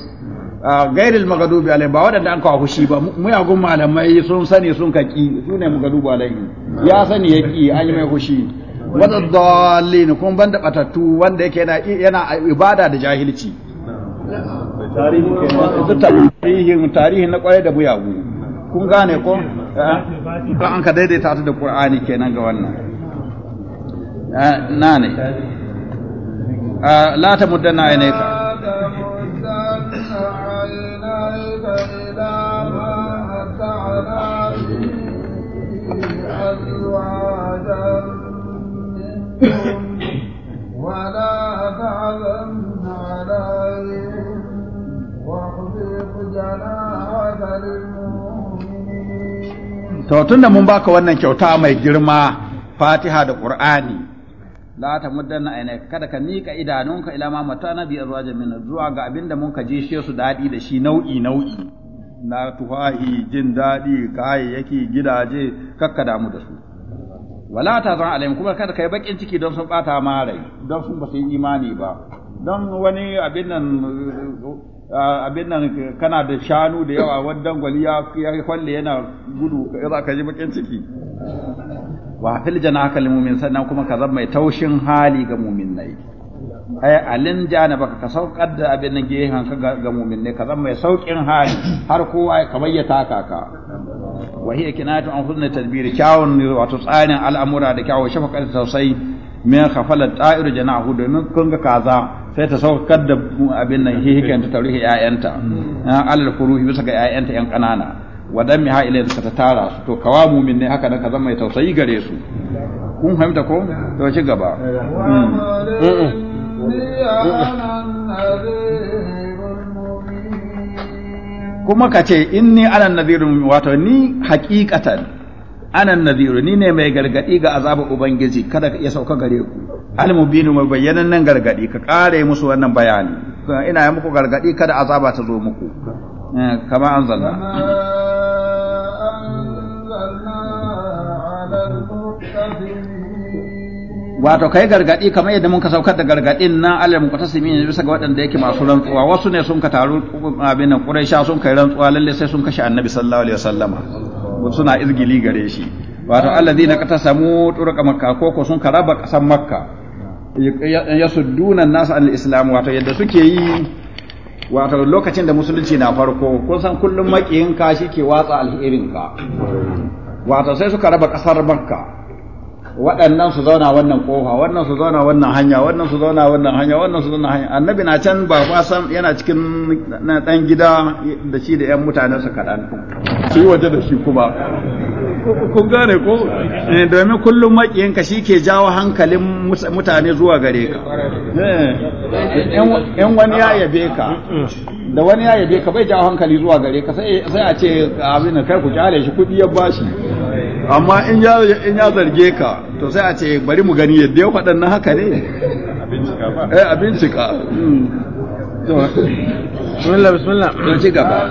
Speaker 1: gairil magadubi alaihim ba waɗanda an kawo fushi ba muyagun malamai sun sani sun kaki su ne magadubi alaihim ya sani ya ki an yi mai fushi wanda dallin kun banda batattu wanda yake yana ibada da jahilci tarihin tarihin na kwarai da muyagu kun gane ko ko an ka daidaita ta da qur'ani kenan ga wannan eh, na ne eh, la ta ya ainaika to tunda mun baka wannan kyauta mai girma fatiha da qur'ani la ta muddan aina kada ka mika idanunka ila ma matana bi azwajin min zuwa ga abinda mun ka jishe su dadi da shi nau'i nau'i na tuhahi jin dadi kayayyaki gidaje kakka damu da su wala ta zan alaihim kuma kada kai bakin ciki don sun bata ma rai don sun ba su yi imani ba don wani abin nan kana da shanu da yawa wadda gwali ya kwalle yana gudu za ka ji bakin ciki wa fil janaka lil mu'min sannan kuma ka zama mai taushin hali ga mumin nai. ai alin jana baka ka saukar da abin nan gehen ka ga ne ka zama mai saukin hali har kowa ya kabayyata ka ka wa hiya kinatu an husna tadbir kyawun wato tsarin al'amura da kyawun shafaqar tausayi min khafala ta'iru janahu domin kun ga kaza sai ta saukar da abin nan hihiken ta tarihi ƴaƴanta alal furuhi bisa ga yayanta yan kanana wa dan miha ilayhi ka ta tara su to kawa mumin ne haka ka zama mai tausayi gare su kun fahimta ko to ci gaba hmm. kuma ka ce inni alan nadirun wato ni haqiqatan anan Naziru ni ne mai gargadi ga azabar ubangiji kada ya sauka gare ku almubinu mai bayyanan nan gargadi ka kare musu wannan bayani ina yi muku gargadi kada azaba ta zo muku eh, kama anzalna wato kai gargadi kamar yadda muka saukar da gargadin nan alal muqtasimin bisa ga waɗanda yake masu rantsuwa wasu ne sun ka taru abin nan quraisha sun kai rantsuwa lalle sai sun kashe annabi sallallahu alaihi wasallama suna izgili gare shi wato kata samu turka makka ko ko sun karaba kasan makka ya sudduna nas al-islam wato yadda suke yi wato lokacin da musulunci na farko kun san kullum makiyin ka shike watsa alherin ka wato sai suka raba kasar makka waɗannan su zauna wannan kofa wannan su zauna wannan hanya wannan su zauna wannan hanya wannan su zauna hanya annabi na can ba san yana cikin na ɗan gida da shi da 'yan mutanen su kaɗan su yi waje da shi kuma kun gane ko eh, domin kullum maƙiyinka shi ke jawo hankalin mutane zuwa gare ka
Speaker 4: eh,
Speaker 1: in wani ya yabe ka da wani ya yabe ka bai jawo hankali zuwa gare ka sai a ce abin da kai ku kyale shi kuɗi ya bashi amma in ya in ya zarge ka to sai a ce bari mu gani yadda ya faɗa na haka ne a bincika ba eh a bincika hmm. الله bismillah to ci gaba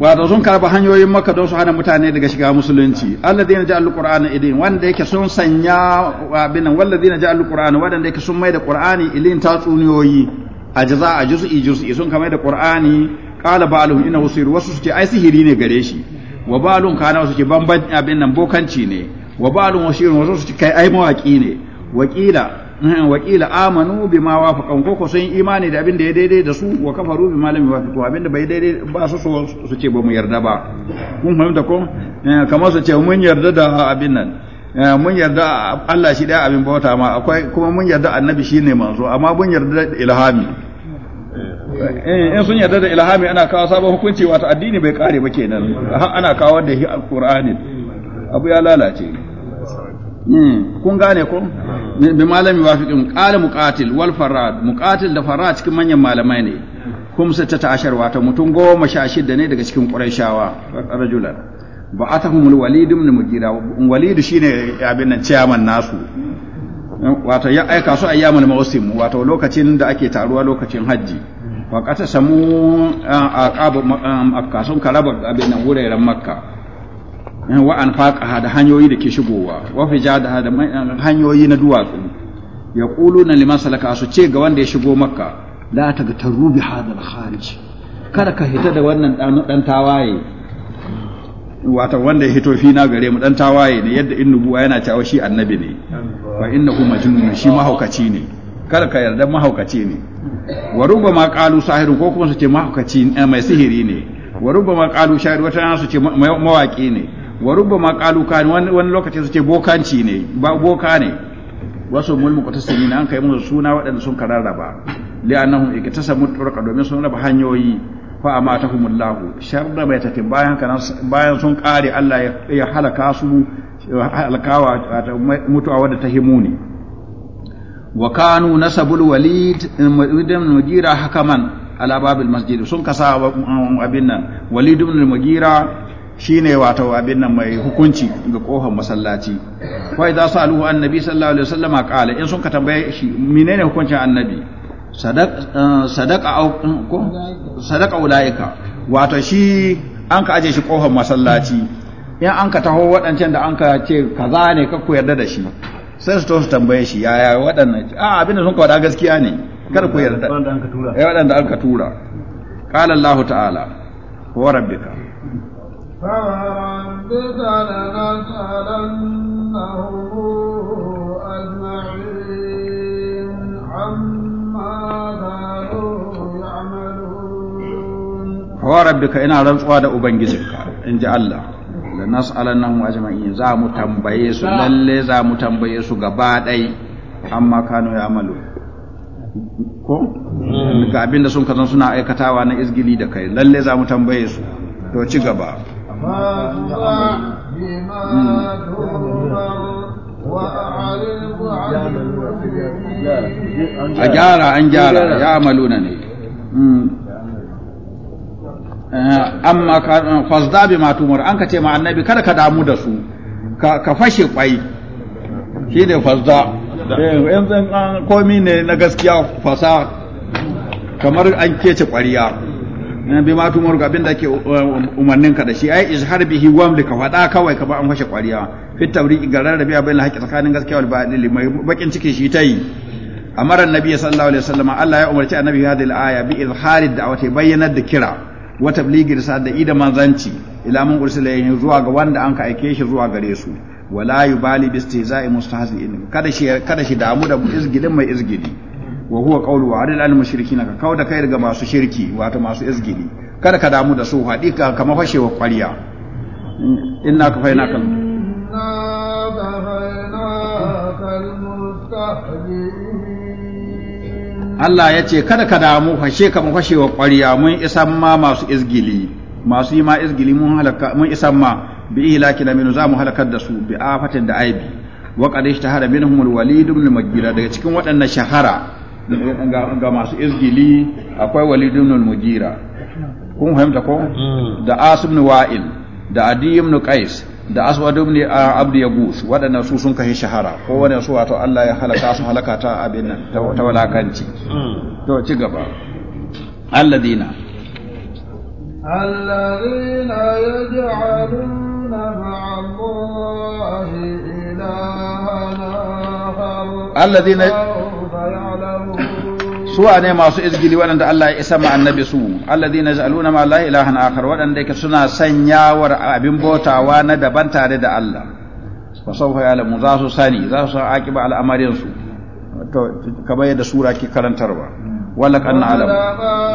Speaker 1: wato sun karba hanyoyin maka don su hana mutane daga shiga musulunci alladhina ja'alul qur'ana idin wanda yake sun sanya abin nan walladhina ja'alul qur'ana wanda yake sun mai da qur'ani ilin tatsuniyoyi a jaza a juz'i juz'i sun kamar da qur'ani qala ba'aluhum inna sihir wasu suke ai sihiri ne gare shi wa ba'alun kana wasu suke bambanci abin nan bokanci ne wa ba'alun wasirun wasu suke kai ai mawaki ne wakila eh, wakila amanu bima wafaqan ko sun imani da abin da ya daidai da su wa kafaru bima lam yawafiqu abin da bai daidai ba su so su ce ba mu yarda ba kun fahimta ko eh, kamar su ce mun yarda da abin nan eh, mun yarda Allah shi daya abin bauta ma akwai kuma mun yarda annabi shine manzo amma mun yarda da ilhami in sun yarda da ilhami ana kawo sabon hukunci wato addini bai kare ba kenan ana kawo da alqur'ani abu ya lalace kun gane ko bi malami wafiqin qala muqatil wal farad muqatil da farad cikin manyan malamai ne kum sa ta wata mutum goma sha shida ne daga cikin quraishawa rajulan atahum al walid ibn mujira walid shine abin nan chairman nasu wato ya aika su ayyamul mawsim wato lokacin da ake taruwa lokacin hajji wa qata samu aqab sun karaba abin nan wuraren makka Eh, wa an faqaha da hanyoyi da ke shigowa wa ja da eh, hanyoyi na duwatsu na liman salaka su ce ga wanda ya shigo makka la tagtaru hada hadal kharij kada ka hita da wannan dan tawaye wato wanda ya hito fina gare mu dan tawaye ne yadda in nubuwa yana cewa shi annabi ne wa innahu majnun shi mahaukaci ne kada ka yarda mahaukaci ne wa rubama qalu sahirun ko kuma su ce mahaukaci eh, mai sihiri ne wa rubama qalu sha'ir wata su ce mawaki ne wa rubbama qalu kan wani lokacin suke ce bokanci ne ba boka ne wasu mulmu qatasimina an kai musu suna waɗanda sun kararraba li'annahum iktasamu turqa domin sun raba hanyoyi fa amatahumullahu sharra bai tafi bayan kana bayan sun kare Allah ya halaka su halakawa mutuwa wadda ta ne. wa kanu nasabul walid ibn mugira hakaman ala babil masjid sun kasa abin nan walid ibn mugira Shi ne wato abin nan mai hukunci ga kofar masallaci za su Aluhu annabi sallallahu alaihi wasallama kala in sun ka tambaye shi menene hukuncin annabi sadaqa eh, sadaqa au Wata eh, ulaika wato shi an ka aje shi kofar masallaci in an ka taho waɗancan da an ka ce kaza ne ka ku yarda da shi sai su to su tambaye shi yaya waɗannan a abin da sun ka wada gaskiya ne kada ku yarda waɗanda an ka tura eh, waɗanda an ka tura ta'ala wa rabbika
Speaker 2: فوربك لنسألنهم أجمعين عما كانوا يعملون
Speaker 1: فوربك إنا رزقوا هذا أبنجزك إن جاء الله da nas'alannahum ajma'in za mu tambaye su lalle za mu tambaye su gaba ɗai amma Kano ya amalu ko ga abinda sun kazan suna aikatawa na izgili da kai lalle za mu tambaye su to ci gaba
Speaker 2: فاصدع بما تؤمر
Speaker 4: وأعرض عن
Speaker 1: أجارة ne. Hmm. Eh, amma fasda bi matumar an ka ce ma annabi kada ka damu da su ka fashe kwai shi ne fasda eh, komi ne na gaskiya fasa kamar an kece kwariya bi ma tumar ga abin da ke uh, umarnin ka da shi ai izhar bihi wamli ka fada kawai ka ba an fashe kwariya fit tabriki ga rarrabe a da haƙi tsakanin gaskiya wal ba'dili mai bakin ciki shi tayi amara annabi sallallahu alaihi wasallam Allah ya umarci annabi hadi al-aya bi izhari da'wati bayyanar da kira wa tabligi risal da ida manzanci ila man ursila yin zuwa ga wanda an ka aike shi zuwa gare su wala yubali bi istihza'i mustahzi'in kada shi kada shi damu da izgilin mai izgili wa huwa qawlu wa aril al mushrikin ka da kai daga masu shirki wato masu izgili kada ka damu da su haɗi ka kama fashewa ƙwarya inna ka faina kal Allah ya ce kada ka damu fashe kama fashewa ƙwarya mun isan ma masu izgili masu yi ma izgili mun halaka mun isan ma bi ihlaki da minu za mu halakar da su bi afatin da aibi wa qad ishtahara minhum al-walid ibn magira daga cikin waɗannan shahara ga masu izgili akwai walid ibn mujira kun fahimta ko hmm. da as ibn wa'il da adi ibn qais da aswad ibn uh, abd yagus waɗannan su sun kai shahara ko wani su wato Allah ya halaka su halaka ta abin nan ta walakanci hmm. to ci gaba alladina
Speaker 2: alladina yaj'aluna مع ilaha
Speaker 1: إلها su ne masu izgili waɗanda Allah ya isa ma annabi su alladhina yaj'aluna ma la ilahan akhar waɗanda yake suna sanyawar abin bautawa na daban tare da Allah fa sawfa ya'lamu za su sani za su san akiba al'amarin su kamar yadda sura ke karantarwa
Speaker 3: wala kan alamu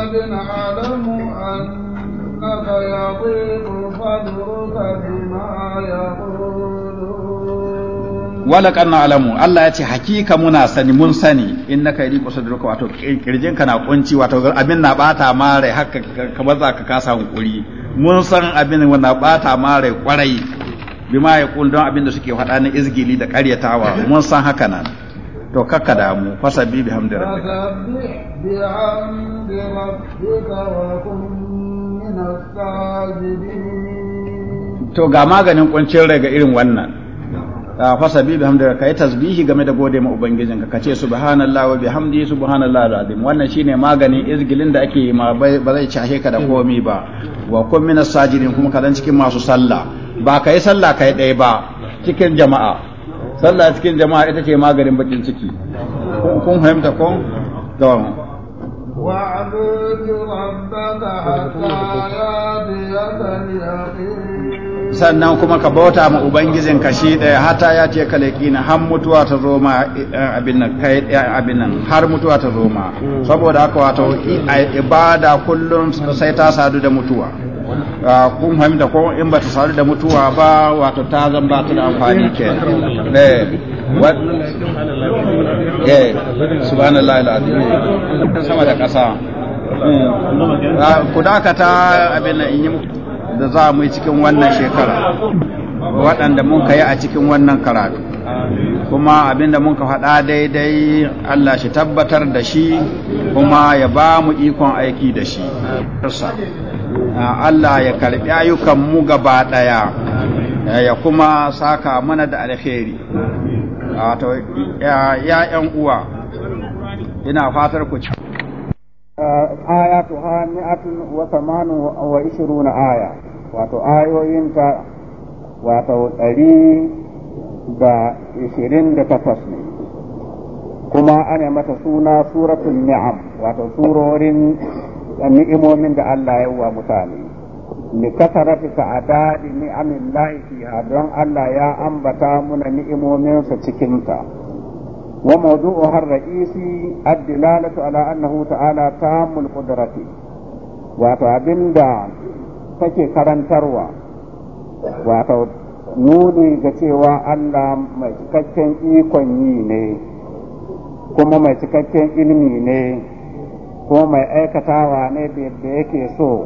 Speaker 1: wala kan alamu Allah ya ce hakika muna sani mun sani in na kai yadi sadruka wato ƙirjin ka na kunci wato abin na bata mare haka kamar za ka kasa hankuri mun san abin na bata mare kwarai bima ya kun don abin da suke faɗa na izgili da ƙaryatawa mun san haka nan to kakka da mu fasabi bi hamdi
Speaker 2: rabbika bi hamdi rabbika wa kun sajidin
Speaker 1: to ga maganin kuncin rai ga irin wannan Ah, fasabi bi ka yi tasbihi game da gode ma ubangijin ka kace subhanallahi wa bihamdi subhanallahi alazim wannan shine maganin izgilin da ake yi ma ba zai cashe ka da komi ba wa kun min sajidin kuma kadan cikin masu sallah ba kai sallah kai ɗaya ba cikin jama'a sallah cikin jama'a ita ce maganin bakin ciki kun fahimta ko to abudu
Speaker 4: rabbaka hatta yatiyaka
Speaker 1: yaqin sannan kuma ka bauta ma ubangijin ka shi daya hata ya ce ka na har mutuwa ta zo ma eh, abin nan kai eh, abin nan har mutuwa ta zo ma saboda haka wato eh, ibada kullum sai ta sadu da mutuwa ah, kun fahimta ko in ba ta sadu da mutuwa ba wato ta zan ba ta da amfani ke subhanallah alazim sama da kasa hmm. ah, ku dakata abin nan in yi da za mu yi cikin wannan shekara waɗanda mun ka yi a cikin wannan karatu kuma abinda mun ka faɗa daidai Allah shi tabbatar da shi kuma ya ba mu ikon aiki da shi Allah ya karɓi ayyukan mu gaba ɗaya ya kuma saka mana da alheri ya uwa ina fatar ku ci
Speaker 3: آيات هامئة وثمان وعشرون آية wato ayoyinta wato ɗari da ishirin da takwas ne kuma ana mata suna suratun ni'am wato surorin ni'imomin da Allah ya wa mutane ni sa'ada da ni'amin laifi a don Allah ya ambata muna ni'imominsa cikinta wa mawdu'uha har raisi ad-dilalatu ala annahu ta'ala tamul qudrati wato abinda kake karantarwa wato nuni ga cewa Allah mai cikakken ikon yi ne kuma mai cikakken ilmi ne kuma mai aikatawa ne da yake so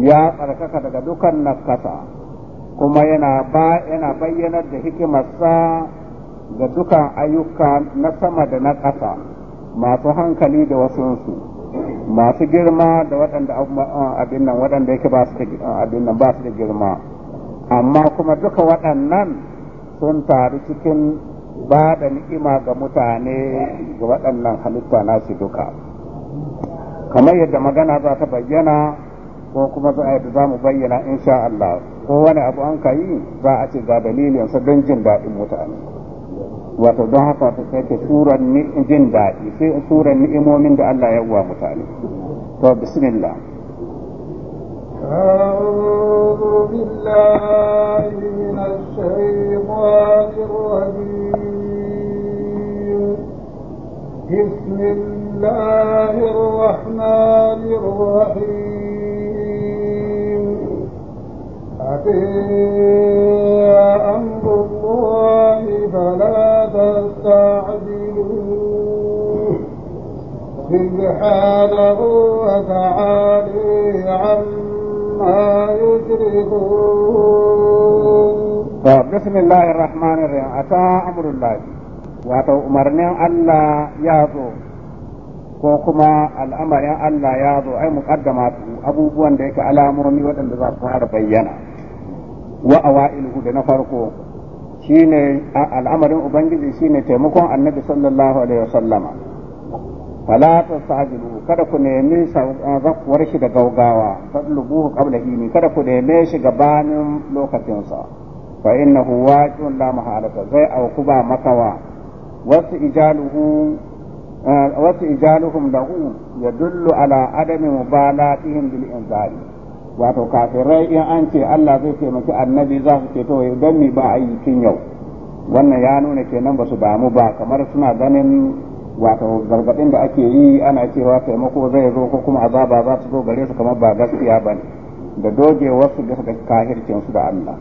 Speaker 3: ya tsarkaka daga dukan nakasa kuma yana ba yana bayyanar da hikimarsa ga dukan ayyuka na sama da na ƙasa masu hankali da su. masu girma da waɗanda abin nan waɗanda yake ba su ba su da girma amma kuma duka waɗannan sun taru cikin ba da ni'ima ga mutane ga waɗannan halitta nasu duka kamar yadda magana za ta bayyana ko kuma za a za mu bayyana insha Allah ko wani abu an ka za a ce ga dalilinsa don jin daɗin mutane wato don haka ta sake surar jin daɗi sai surar ni'imomin da Allah ya wa mutane to bismillah أعوذ
Speaker 4: بالله من الشيطان
Speaker 2: الرجيم بسم الله الرحمن الرحيم سبحانه وتعالي عما
Speaker 4: يشركون
Speaker 3: بسم الله الرحمن الرحيم أتى أمر الله umarnin Allah ya kuma al'amarin Allah ya zo ai muqaddama abubuwan da yake alamomi waɗanda za fara bayyana wa awailuhu da na farko shine al'amarin ubangiji shine taimakon annabi sallallahu alaihi wasallama fala tastajilu kada ku nemi zakuwar shi da gaugawa fadlubuhu qabla hini kada ku neme shi gabanin lokacin sa fa innahu waqi'un la mahalata zai auku ba makawa wasu ijaluhu eh, wasu ijaluhum lahu yadullu ala adami mubalatihim bil inzari wato kafirai in an ce Allah zai taimaki annabi za su ce to don mi ba a yi kin yau wannan ya nuna kenan ba su damu ba kamar suna ganin wato gargadin da ake yi ana cewa taimako zai zo ko kuma azaba za su zo gare su kamar ba gaskiya ba da doge wasu da kahircin su da Allah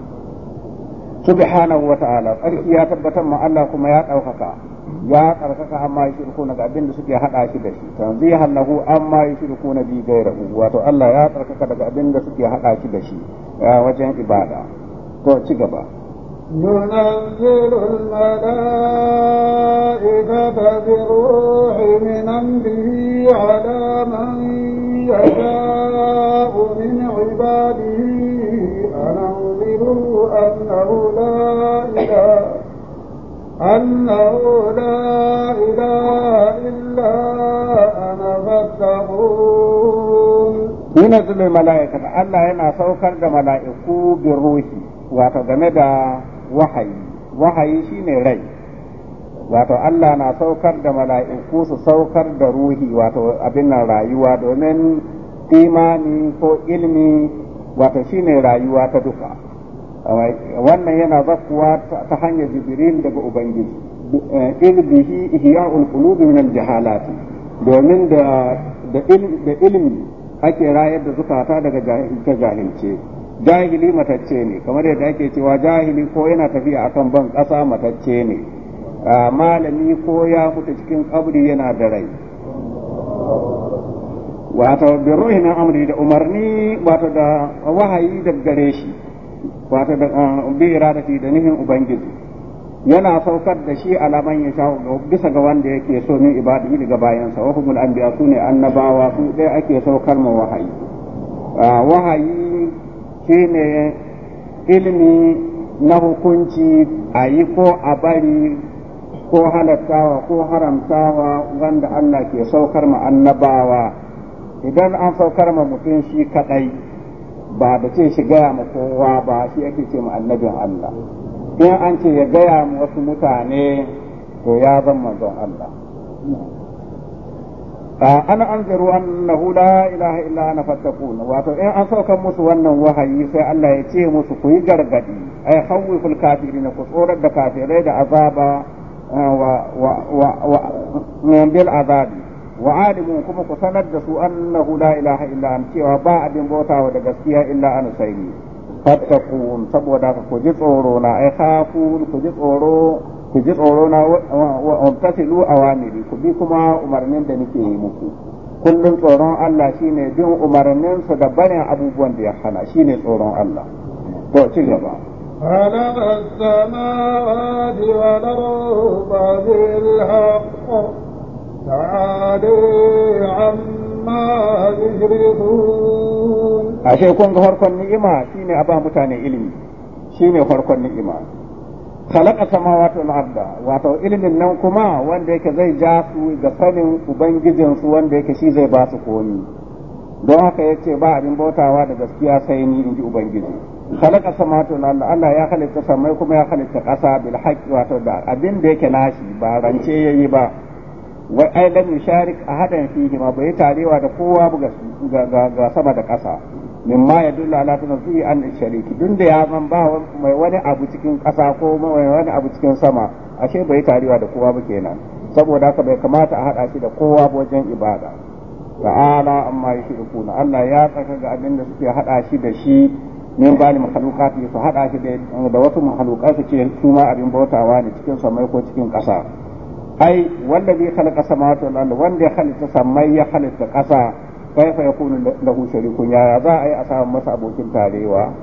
Speaker 3: subhanahu wa ta'ala tsarki ya tabbatar ma Allah kuma ya ɗaukaka ya tsarkaka amma ya shirku na ga abin da suke hada shi da shi tanzihan lahu amma ya shirku na bi gairahu wato Allah ya tsarkaka daga abin da suke hada shi da shi wajen ibada to ci gaba
Speaker 2: ينزل الملائكة بالروح من أمره على من يشاء من عباده أن أنه لا إله
Speaker 3: أنه
Speaker 2: لا إله إلا أنا فاتقون
Speaker 3: ينزل الملائكة الله هنا سوكر دا ملائكو بالروح واتو دا وحي وحي شيني ري wato Allah na saukar da mala'iku su saukar da ruhi wato abin nan rayuwa domin imani ko ilmi wato shine rayuwa ta duka wannan yana zakuwa ta hanyar jibril daga ubangiji iz eh, ihya'ul qulubi min al-jahalat domin da da ilimi ake rayar da zukata daga jahilce jahilce jahili matacce ne kamar yadda ake cewa jahili ko yana tafiya akan ban ƙasa matacce ne ah, malami ko ya mutu cikin kabri yana da rai wato bi ruhin amri da umarni wato da wahayi da gare shi wato da bi iradati da nufin ubangiji yana saukar da shi alaman ya sha bisa ga wanda yake so min ibadihi daga bayansa wa humul anbiya su ne annabawa su dai ake saukar ma wahayi wahayi shine ilimi na hukunci a yi ko a bari ko halattawa ko haramtawa wanda Allah ke saukar ma annabawa idan an saukar ma mutum shi kadai ba da ce shi gaya ma kowa ba shi ake ce ma annabin Allah in an ce ya gaya mu wasu mutane to ya zan manzon Allah ana an zaru annahu la ilaha illa ana fattakun wato in an sauka musu wannan wahayi sai Allah ya ce musu ku yi gargadi ay khawful kafirin ku tsorar da kafirai da azaba eh, wa bil azabi wa alimu kuma ku sanar da su annahu la ilaha illa an cewa ba abin bautawa da gaskiya illa an sai ni fattaqun saboda ku ji tsoro na ai khafun ku ji tsoro ku ji tsoro na wa amtasilu awamiri ku bi kuma umarnin da nake yi muku kullum tsoron Allah shine bin umarnin sa da barin abubuwan da ya hana shine tsoron Allah to ci gaba
Speaker 2: خلق السماوات والأرض ashe
Speaker 3: kun ga farkon ni'ima shine a ba mutane ilimi shine farkon ni'ima khalaqa samawati wal arda wato ilimin nan kuma wanda yake zai ja su ga sanin ubangijin su wanda yake shi zai ba su komi don haka yace ba abin bautawa da gaskiya sai ni inji ubangiji khalaqa samawati wal arda Allah ya halitta samai kuma ya halitta kasa bil haqqi wato da abin da yake nashi ba rance yayi ba wai ai lam yusharik ahadan fihi ma bai tarewa da kowa ga ga sama da ƙasa mimma ya dulla ala tanzihi an shariki dun da ya man ba mai wani abu cikin ƙasa ko mai wani abu cikin sama ashe bai tarewa da kowa ba kenan saboda haka bai kamata a hada shi da kowa wajen ibada ta'ala amma yushrikuna Allah ya tsaka ga abin da suke hada shi da shi min ba ni mahalukati su hada shi da wasu mahalukai su ce su ma abin bautawa ne cikin samai ko cikin ƙasa ai wanda zai khalaqa kasa wal ardi wanda ya halitta samai ya halitta kasa kai fa yakunu lahu sharikun ya za a yi a samu masa abokin tarewa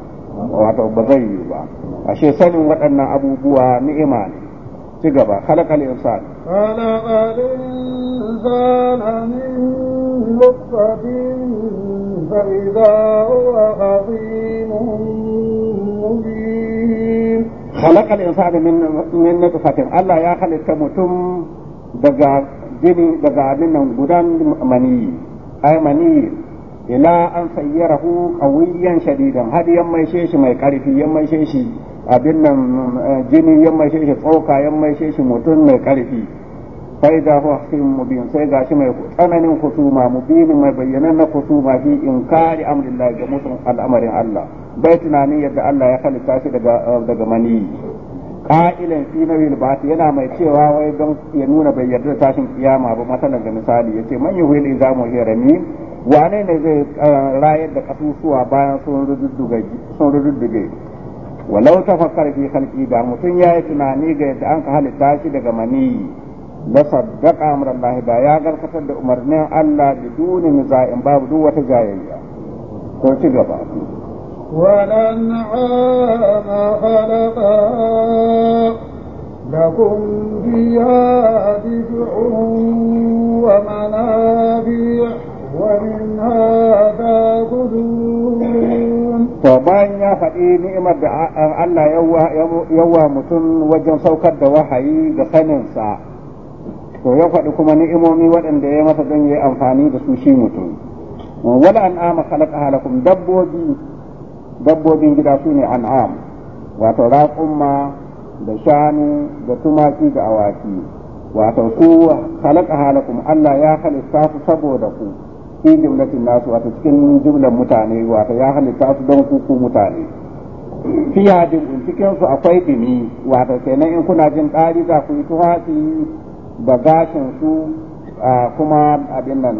Speaker 3: wato ba zai yi ba ashe sanin waɗannan abubuwa ni ne ci gaba khalaqa al insan
Speaker 2: khalaqa min nutfatin fa
Speaker 3: khalaqal insana min min nutfatin Allah ya halitta mutum daga jini daga abin nan gudan mani ay ila an sayyarahu qawiyan shadidan har yan mai shi mai karfi yan mai shi abin jini yan mai tsoka yan mai mutum mai karfi fai da huwa mubin sai gashi mai tsananin kusuma mubinin mai bayyanan na kusuma fi inkari amrillah ga mutum al'amarin Allah bai tunanin yadda Allah ya halitta shi daga uh, daga mani qa'ilan fi nawil ba'th yana mai cewa wai don ya nuna bai yarda tashin kiyama ba masalan da misali yace man za mu ya rami wane ne zai uh, rayar da kasusuwa bayan sun rududduge sun rududduge walau fi khalqi da mutun yayi tunani ga yadda an ka halitta shi daga mani saddaka saddaqa amrallahi ba ya garkatar da umarnin Allah biduni niza'in babu duk wata jayayya ko ci gaba
Speaker 2: والأنعام خلقا لكم فيها دفع ومنافع ومنها تأكلون
Speaker 3: ومن يفعي نعمة الله يوى متن وجن سوكر وحي بسننسا to ya faɗi kuma ni'imomi waɗanda ya masa don ya yi amfani da su shi mutum wala an ama khalaqa lakum dabbobi dabbobin gida su ne an'am wato raƙumma da shanu da tumaki da awaki wato ku halaka halakum Allah ya halitta su saboda ku fi jumlatin nasu wato cikin jumlar mutane wato ya halitta su don ku ku mutane fiya dimbin cikin su akwai dimi wato kenan in kuna jin ɗari za ku yi tuhafi da gashin su kuma abin nan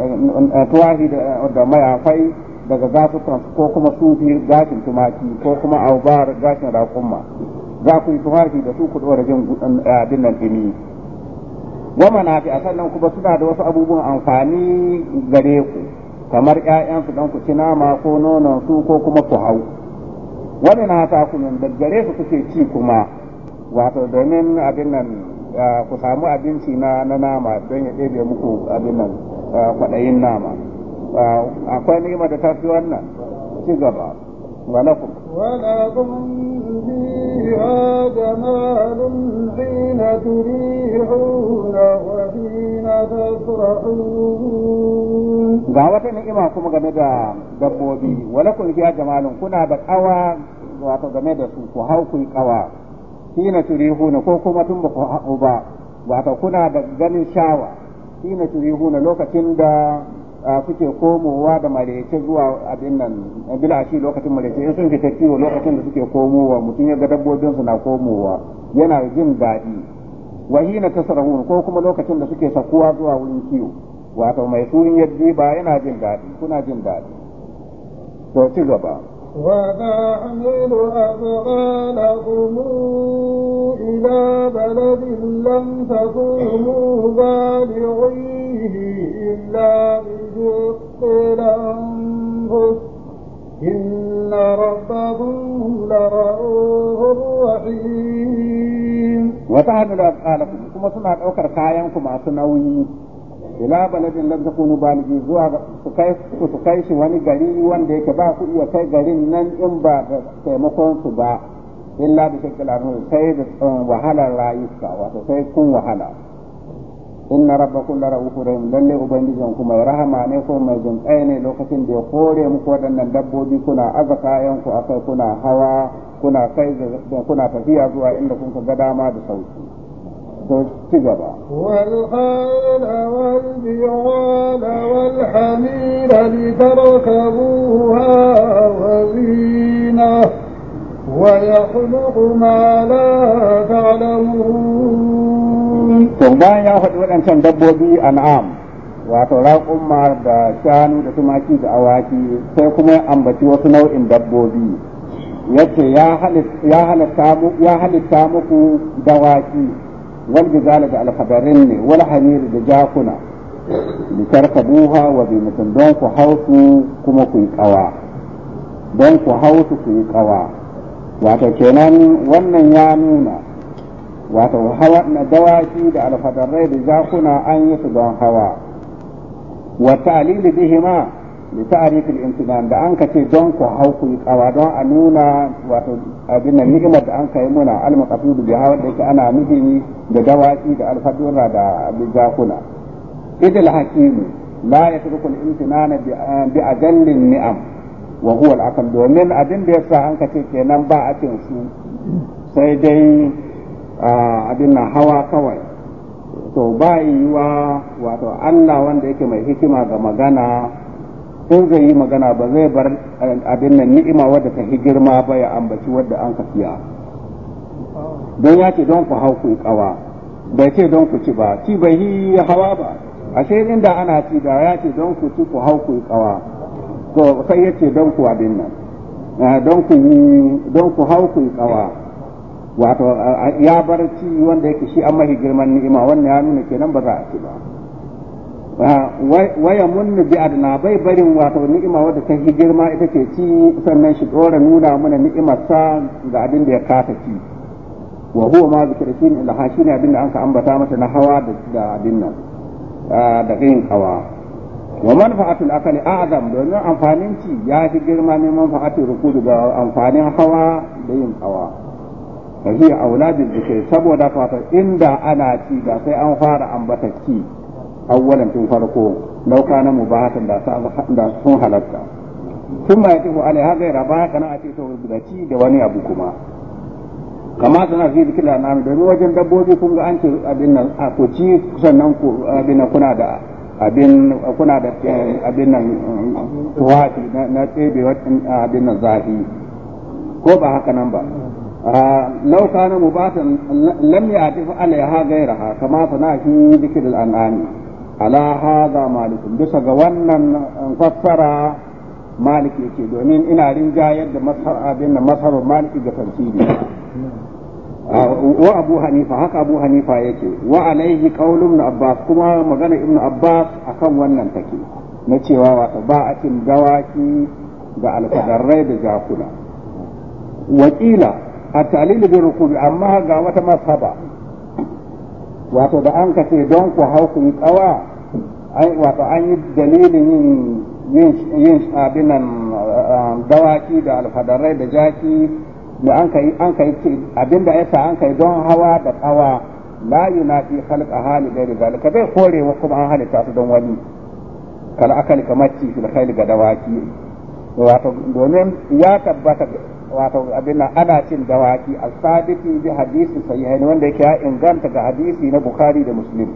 Speaker 3: eh, eh, tuhafi da mayafai daga gasukan ko kuma sufi gashin tumaki ko kuma aubar gashin rakunma za ku yi tumaki da su ku ɗora jin eh, abin nan ɗimi wa fi a sannan kuma suna da wasu abubuwan amfani gare ku kamar su don ku ci nama ko nonon su ko kuma ku hau wani na ta ku da gare su kuke ci kuma wato domin abin nan eh, ku samu abinci na nama don ya ɗebe muku abin nan eh, kwaɗayin nama akwai ni'ima da ta fi wannan ci gaba ولكم ولكم فيها
Speaker 2: جمال حين تريحون وحين
Speaker 3: تسرحون
Speaker 2: ga wata ni'ima
Speaker 3: kuma game da dabbobi walakun fiya jamalun kuna da kawa wato game da su ku hau ku kawa hina turihuna ko kuma tun ba ku hau ba wato kuna da ganin shawa hina turihuna lokacin da suke komowa da malayace zuwa abin nan bilashi lokacin malayace, in sun fita kiwo lokacin da suke komowa mutum ya ga dabbobinsu na komowa yana jin daɗi wahina tasrahun ko kuma lokacin da suke sakuwa zuwa wurin kiwo wato mai suyin yaddi ba yana jin daɗi kuna jin daɗi to ci gaba
Speaker 2: وتحمل أثقالكم إلى بلد لم تكونوا بالغيه إلا بشق الأنفس إن ربكم لرؤوف رحيم
Speaker 3: وتحمل أثقالكم كما سمعت أوكر كايانكم أصنعوني ila baladin lam takunu baligi zuwa su kai su kai shi wani gari wanda yake ba ku iya kai garin nan in ba da taimakon su ba illa bi shakkil arhum sai da eh, wahalar rayuka wato sai kun wahala inna rabbakum la ra'ufur rahim lalle ubangijin ku mai rahama ne ko mai jinkai ne lokacin da ya kore muku waɗannan dabbobi kuna aza kayan ku akai kuna hawa kuna kai kuna tafiya zuwa inda kun ga dama da sauki والخيل
Speaker 2: والبغال والحمير لتركبوها وزينة ويخلق ما لا تعلمون
Speaker 3: wato raƙumma da shanu da tumaki da awaki sai kuma ya ambaci wasu nau'in dabbobi yace ya halitta muku dawaki wal da alhabarin ne wal da jakuna bi tarkabuha wa bi mutum don ku hausu kuma ku yi kawa don ku hausu ku yi kawa wato wannan ya nuna wato hawa na dawaki da alfadarai da jakuna an yi su don hawa wa ta'lili bihima li ta'rif al da an don ku hau kawa don a nuna wato abin nan ni'imar da an kai muna al-maqsud bi hawa da yake ana nufi da dawaki da alfadura da bijakuna idil hakim la yatruku al-imtinan bi ajallin ni'am wa huwa al-aql domin abin da yasa an kace kenan ba a cin su sai dai abin nan hawa kawai to ba yiwuwa wato Allah wanda yake mai hikima ga magana in zai yi magana ba zai bar eh, abin nan ni'ima wadda ta hi girma ba ya ambaci wadda an kafiya don ya ce don ku hau ku kawa bai ce don ku ci ba ci bai yi hawa ba a sai inda ana ci da ya ce don ku ci ku hau ku kawa to sai ya ce don ku abin nan eh, don ku don ku hau ku kawa wato eh, ya bar ci wanda yake shi an mahi girman ni'ima wannan ya nuna kenan ba za a ci ba Ah, waya munna bi adna bai barin wato ni'ima wadda ta fi girma ita ce ci sannan shi dora nuna mana sa ga abin da ya kasa ci wa huwa ma zikir shi ne shi ne abin da anka ambata mata na hawa da abin nan ah, da yin kawa wa manfa'atul akali a'zam domin amfanin ci ya fi girma ne manfa'atul rukudu ga amfanin hawa da yin kawa fa hiya aula da saboda fata inda ana ci da sai an fara ambata ci awwalan tun farko lauka na mubahatan da da sun halatta sun ma yatifu ha gaira ba kana a ce to da da wani abu kuma kama suna fi zikin da nami wajen dabbobi kun ga an ce abin nan a ku ci sannan ku abin nan kuna da abin kuna da eh, abin nan tuwafi na tsebe abin nan zafi ko ba haka nan ba Lauka na لو كان مباتا ha يعتف عليها غيرها na صنع في ذكر الأنعام ala haza malikun bisa ga wannan eh, fassara malik yake domin ina rinjayar da masar abin da masar maliki ga tafsiri hmm. ah, wa abu hanifa haka abu hanifa yake wa alaihi qaulun ibn abbas kuma magana ibn abbas akan wannan take na cewa wato ba a cin dawaki da alfadarrai da jakuna wakila a talil bi rukubi amma ga wata masaba wato da an kace don ku hau ku yi kawa wato an yi dalilin yin yin abinan dawaki da alfadarai da jaki da an kai an kai abinda sa an kai don hawa da kawa la yunafi khalqa hali da zalika bai kore wa kuma an halitta su don wani kal akali kamar ci fil khayl ga dawaki wato domin ya tabbata wato abin nan ana cin dawaki a sabiti bi hadisi sahihain wanda yake ya inganta ga hadisi na bukhari da muslim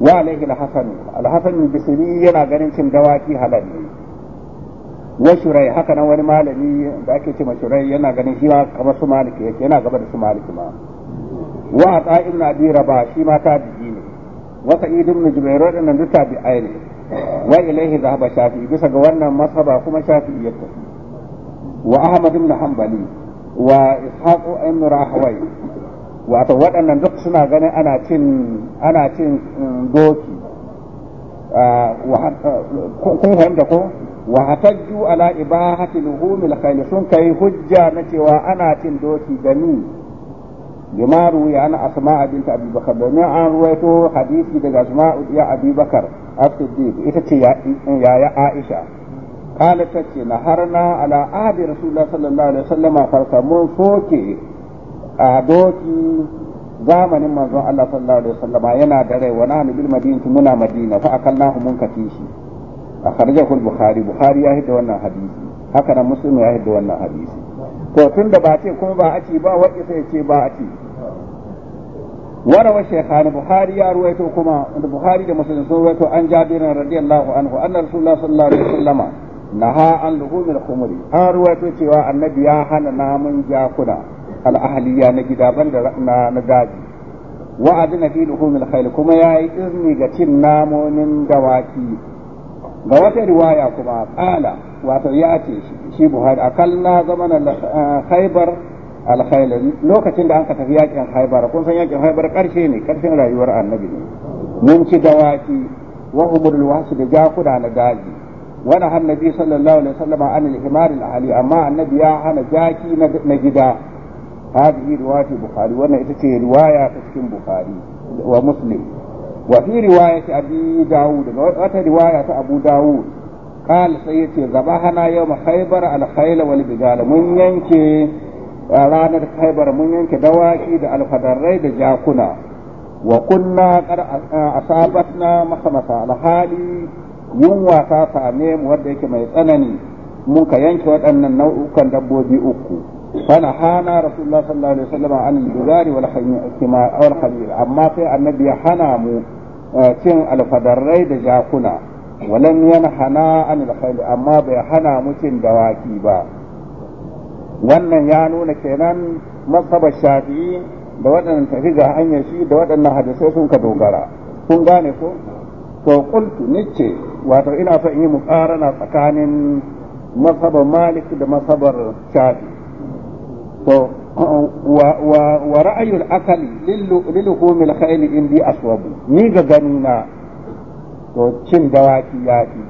Speaker 3: wa alaihi al-hasan al-hasan bisri yana ganin cin dawaki halal ne wa shurai haka nan wani malami da ake cewa shurai yana ganin shi kamar su maliki yake yana gaba da su maliki ma wa ta ibn abi rabah shi ma tabi'i ne wa sa'id ibn jubair wadannan duk tabi'ai ne wa ilaihi zahaba shafi'i bisa ga wannan masaba kuma shafi'i ya tafi wa Ahmad ibn Hanbali wa Ishaq ibn Rahawai wato waɗannan duk suna ganin ana cin ana cin um, doki uh, uh, kun fahimta ko wa hatajju ala ibahati luhumil khayl sun kai hujja na cewa ana cin doki gani bima ruwiya an asma'a bint abi bakar domin an ruwaito hadisi daga asma'u ya abi bakar as-siddiq ita ce ya ya aisha kala ta na harna ala ahadi rasulullahi sallallahu alaihi wasallam farka mun soke a doki zamanin manzon Allah sallallahu alaihi wasallam yana da rai wa nahnu bil madinati muna madina fa akallahu mun katishi a kharijahu bukhari bukhari ya hidda wannan hadisi haka nan muslim ya hidda wannan hadisi to tun da ba ce kuma ba a ci ba wacce sai ce ba a ci wara wa shaykhani bukhari ya ruwaito kuma bukhari da muslim sun ruwaito an jabirin radiyallahu anhu anna rasulullahi sallallahu alaihi wasallam naha an luhumil khumuri an ruwaito cewa annabi ya hana namun jakuna al'ahaliya na gida banda na na daji wa adina fi luhumil khayl kuma yayi izini ga cin namonin dawaki ga wata riwaya kuma qala wato ya ce shi buhari akalna zamanan khaybar alkhayl lokacin da anka tafi yakin khaybar kun san yakin khaybar karshe ne karshen rayuwar annabi ne mun ci dawaki wa humul wasu da jakuna na daji wani har nabi sallallahu alaihi wasallam an al-himar al-ahli amma annabi ya hana jaki na gida هذه رواية البخاري وانا اتتي رواية تسكن بخاري ومسلم وفي رواية أبي داود وفي رواية أبو داود قال سيتي ذبحنا يوم خيبر الخيل والبقال من ينكي رانا خيبر من ينكي دواكي دا الفدري دا جاكنا وكنا قد أصابتنا مخمسة الحالي yunwa ta same mu wadda yake mai tsanani mun ka yanke waɗannan nau'ukan dabbobi uku fana hana rasulullah sallallahu alaihi wasallam an juzari wal wal amma sai annabi ya hana mu eh, cin alfadarrai da jakuna walam yanhana an al amma bai hana mu cin dawaki ba wannan ya nuna kenan masaba shafi da waɗannan tafi ga hanyar shi da waɗannan hadisai sun ka dogara kun gane ko to qultu nice wato ina so in yi mukarana tsakanin masabar malik da masabar shafi to wa ra'ayul akali lilluhumil khayli indi aswabu ni ga gani na to cin dawaki yafi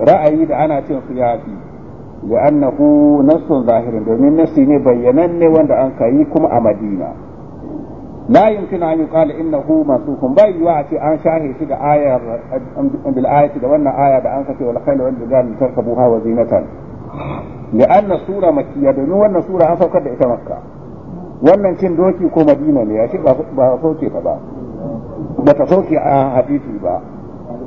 Speaker 3: ra'ayi da ana cin su yafi li annahu nassun zahirin domin nassi ne ne wanda an kayi kuma a madina la yumkin an yuqala innahu masukhun bai yiwa a ce an shahe shi da ayar bil ayati da wannan aya da an kace wal khayla wal jibala tarkabuha wa zinatan li'anna sura makkiya domin wannan sura an saukar da ita makka wannan cin doki ko madina ne ashe ba ba sauke ta ba ba ta sauke a hadisi ba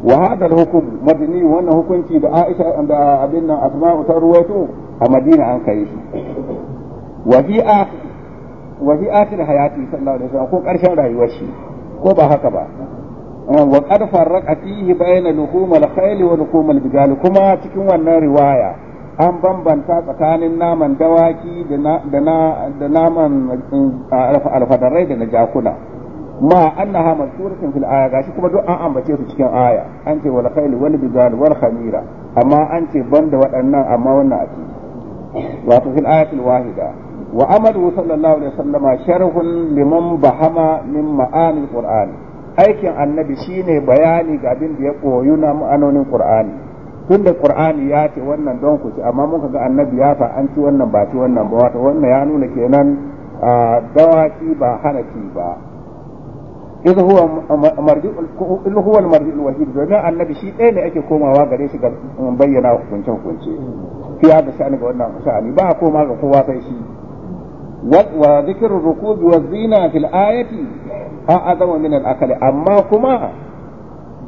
Speaker 3: wahadar hada hukum madani hukunci da Aisha da abin nan Asma'u ta a Madina an kai wa bi akhir hayati sallallahu alaihi wasallam ko karshen rayuwar shi ko ba haka ba ah, wa qad farraqa fihi bayna luhum al-khayl wa luhum al-bijal kuma cikin wannan riwaya an bambanta tsakanin naman dawaki da naman ah, alfadarai da na jakuna ma annaha mazkuratun fil aya gashi kuma duk an ambace su cikin aya an ce wal khayl wal bijal wal khamira amma an ce banda waɗannan amma wannan a ciki wato fil ayatil wahida wa amadu sallallahu alaihi wasallama sharhun liman bahama min ma'anil qur'ani aikin annabi shine bayani ga abin da ya koyu na ma'anonin qur'ani da qur'ani ya ce wannan don ku ci amma muka ga annabi ya fa an ci wannan ba ci wannan ba wato wannan ya nuna kenan dawaki ba hanafi ba idh huwa marji'ul idh huwa marjiul wahid domin annabi shi ɗaya ne ake komawa gare shi ga bayyana hukunce hukunce fiya da sha'ani ga wannan sha'ani ba a koma ga kowa sai shi وذكر الركوب والزينة في الآية أعظم من الأكل أما كما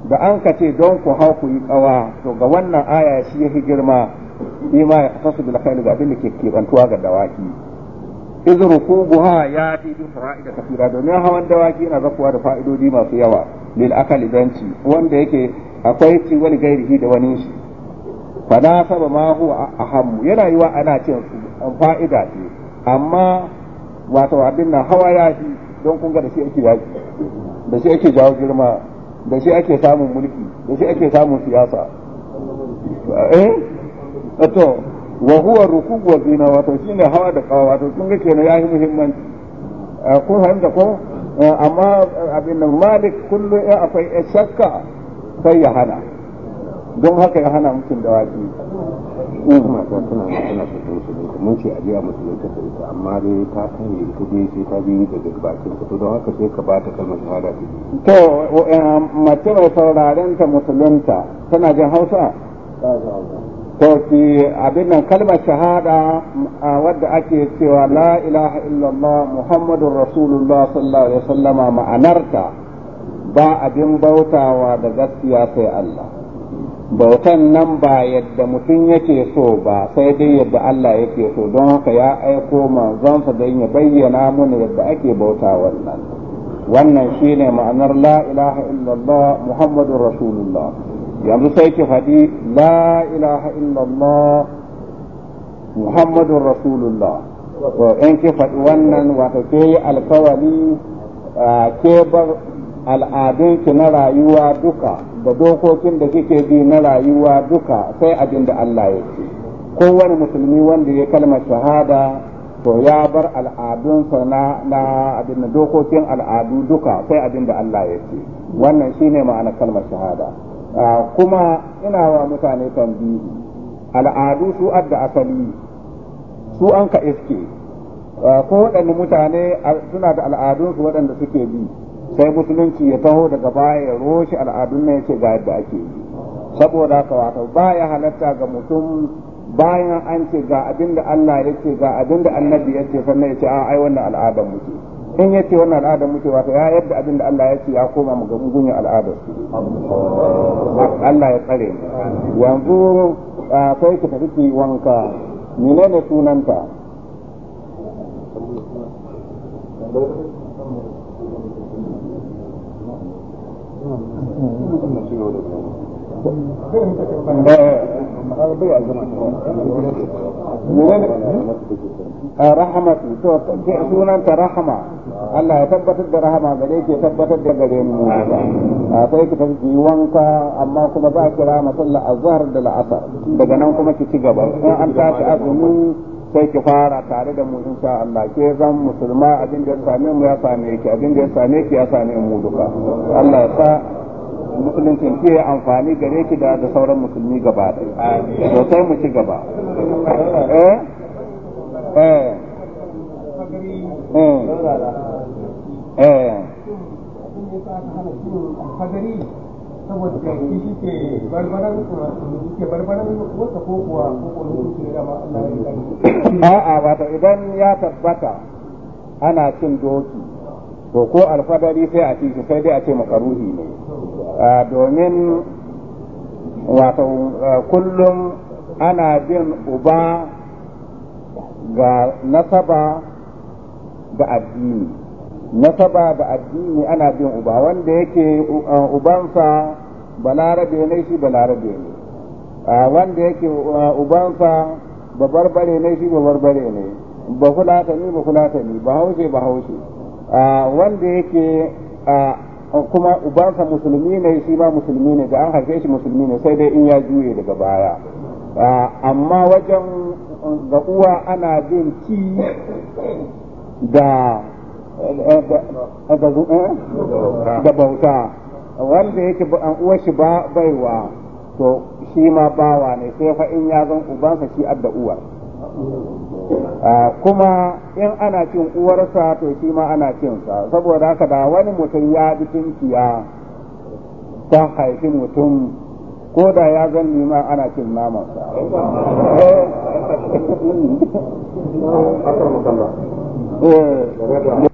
Speaker 3: da an ka ce don ku hau ku yi kawa to ga wannan aya shi ya girma shi ma ya kasu bil khairu ga abin da ke kebantuwa ga dawaki iz rukubuha ya fi bi fa'ida kafira domin hawan dawaki yana zakuwa da fa'idodi masu yawa lil akali danci wanda yake akwai ci wani gairihi da wani shi fa na saba ma huwa ahammu yana yiwa ana cin su fa'ida ce amma wato abin nan hawa ya fi don kun ga da shi ake yaki da shi ake jawo girma da shi ake samun mulki da shi ake samun siyasa
Speaker 4: eh
Speaker 3: to wa huwa rukub wa zina wato shine hawa da kawa wato kun ga kenan yayi muhimmanci eh, ko fahimta ko eh, amma abin nan malik kullum ya akwai shakka sai ya hana don haka ya hana mutum da waki mun ce a biya musulunta ta ita amma dai ta kan yi kudi sai ta biyu daga bakin ka don haka sai ka ba ta kalmar shahada ta to um, mace mai sauraren ta musulunta tana jin hausa to ki abin nan kalmar shahada wadda ake cewa la ilaha illallah muhammadur rasulullah sallallahu alaihi wasallama ma'anarta ba abin bautawa da gaskiya sai Allah bautan nan ba yadda mutum yake so ba sai dai yadda Allah yake so don haka ya aiko manzonsa don ya bayyana mana yadda ake bauta wannan wannan shine ma'anar la ilaha illallah muhammadur rasulullah yanzu sai ki faɗi la ilaha illallah muhammadur rasulullah to in ki faɗi wannan wato ke yi alkawari ke bar al'adunki na rayuwa duka da dokokin da kike bi na rayuwa duka sai abin da Allah ya ce kowane musulmi wanda ya kalma shahada to ya bar al'adunsa na na abin da dokokin al'adu duka sai abin da Allah ya ce wannan shine ma'anar kalmar shahada ah, kuma ina wa mutane tambihi al'adu su adda asali su an ka iske ah, ko waɗanne mutane ah, suna da al'adunsu waɗanda suke bi sai musulunci ya taho daga baya ya roshi al'adun na yace ga yadda ake yi saboda haka wato baya halatta ga mutum bayan an ce ga abin da Allah ya ce ga abin da annabi ya ce sannan ya ce a ai wannan al'adar muke in ya ce wannan al'adar muke wato ya yadda abin da Allah ya ce ya koma mu ga mugunyar al'adar su Allah ya tsare mu yanzu kai ki tafi ki wanka menene sunanta rahamatu to sunanta rahama Allah ya tabbatar da rahama gare ke tabbatar da gare mu akwai ki tafi wanka amma kuma za ki rama sallar azhar da la'asar daga nan kuma ki ci gaba in an tashi azumi sai ki fara tare da mu insha Allah ke zan musulma abin da ya same mu ya same ki abin da ya same ki ya same mu duka Allah ya sa musuluncin ke amfani gare ki da da sauran musulmi gaba da to sai mu ci gaba eh eh eh, eh. saboda ta a'a wato idan ya tabbata ana cin doki to ko alfadari sai a ci sai dai a ce makaruhi ne domin wato kullum ana bin uba ga nasaba da addini nasaba da addini ana bin uba wanda yake ubansa balarabe ne shi balarabe ne wanda yake ubansa babarbare ne shi babarbare ne ba kulata ni ba kulata ni ba haushe ba haushe wanda yake kuma ubansa musulmi ne shi ma musulmi ne da an haife shi musulmi ne sai dai in ya juye daga baya ah, amma wajen um, ga uwa ana bin ci da eh, eh, eh, da bauta wanda yake uwa shi ba baiwa to shi ma bawa ne sai fa in ya zan ubansa shi da uwa Ah, kuma in ana cin uwarsa to shi ma ana cin sa saboda haka da wani mutum ya bi tunkiya ta haifi mutum ko da ya zan nima ana cin namansa eh.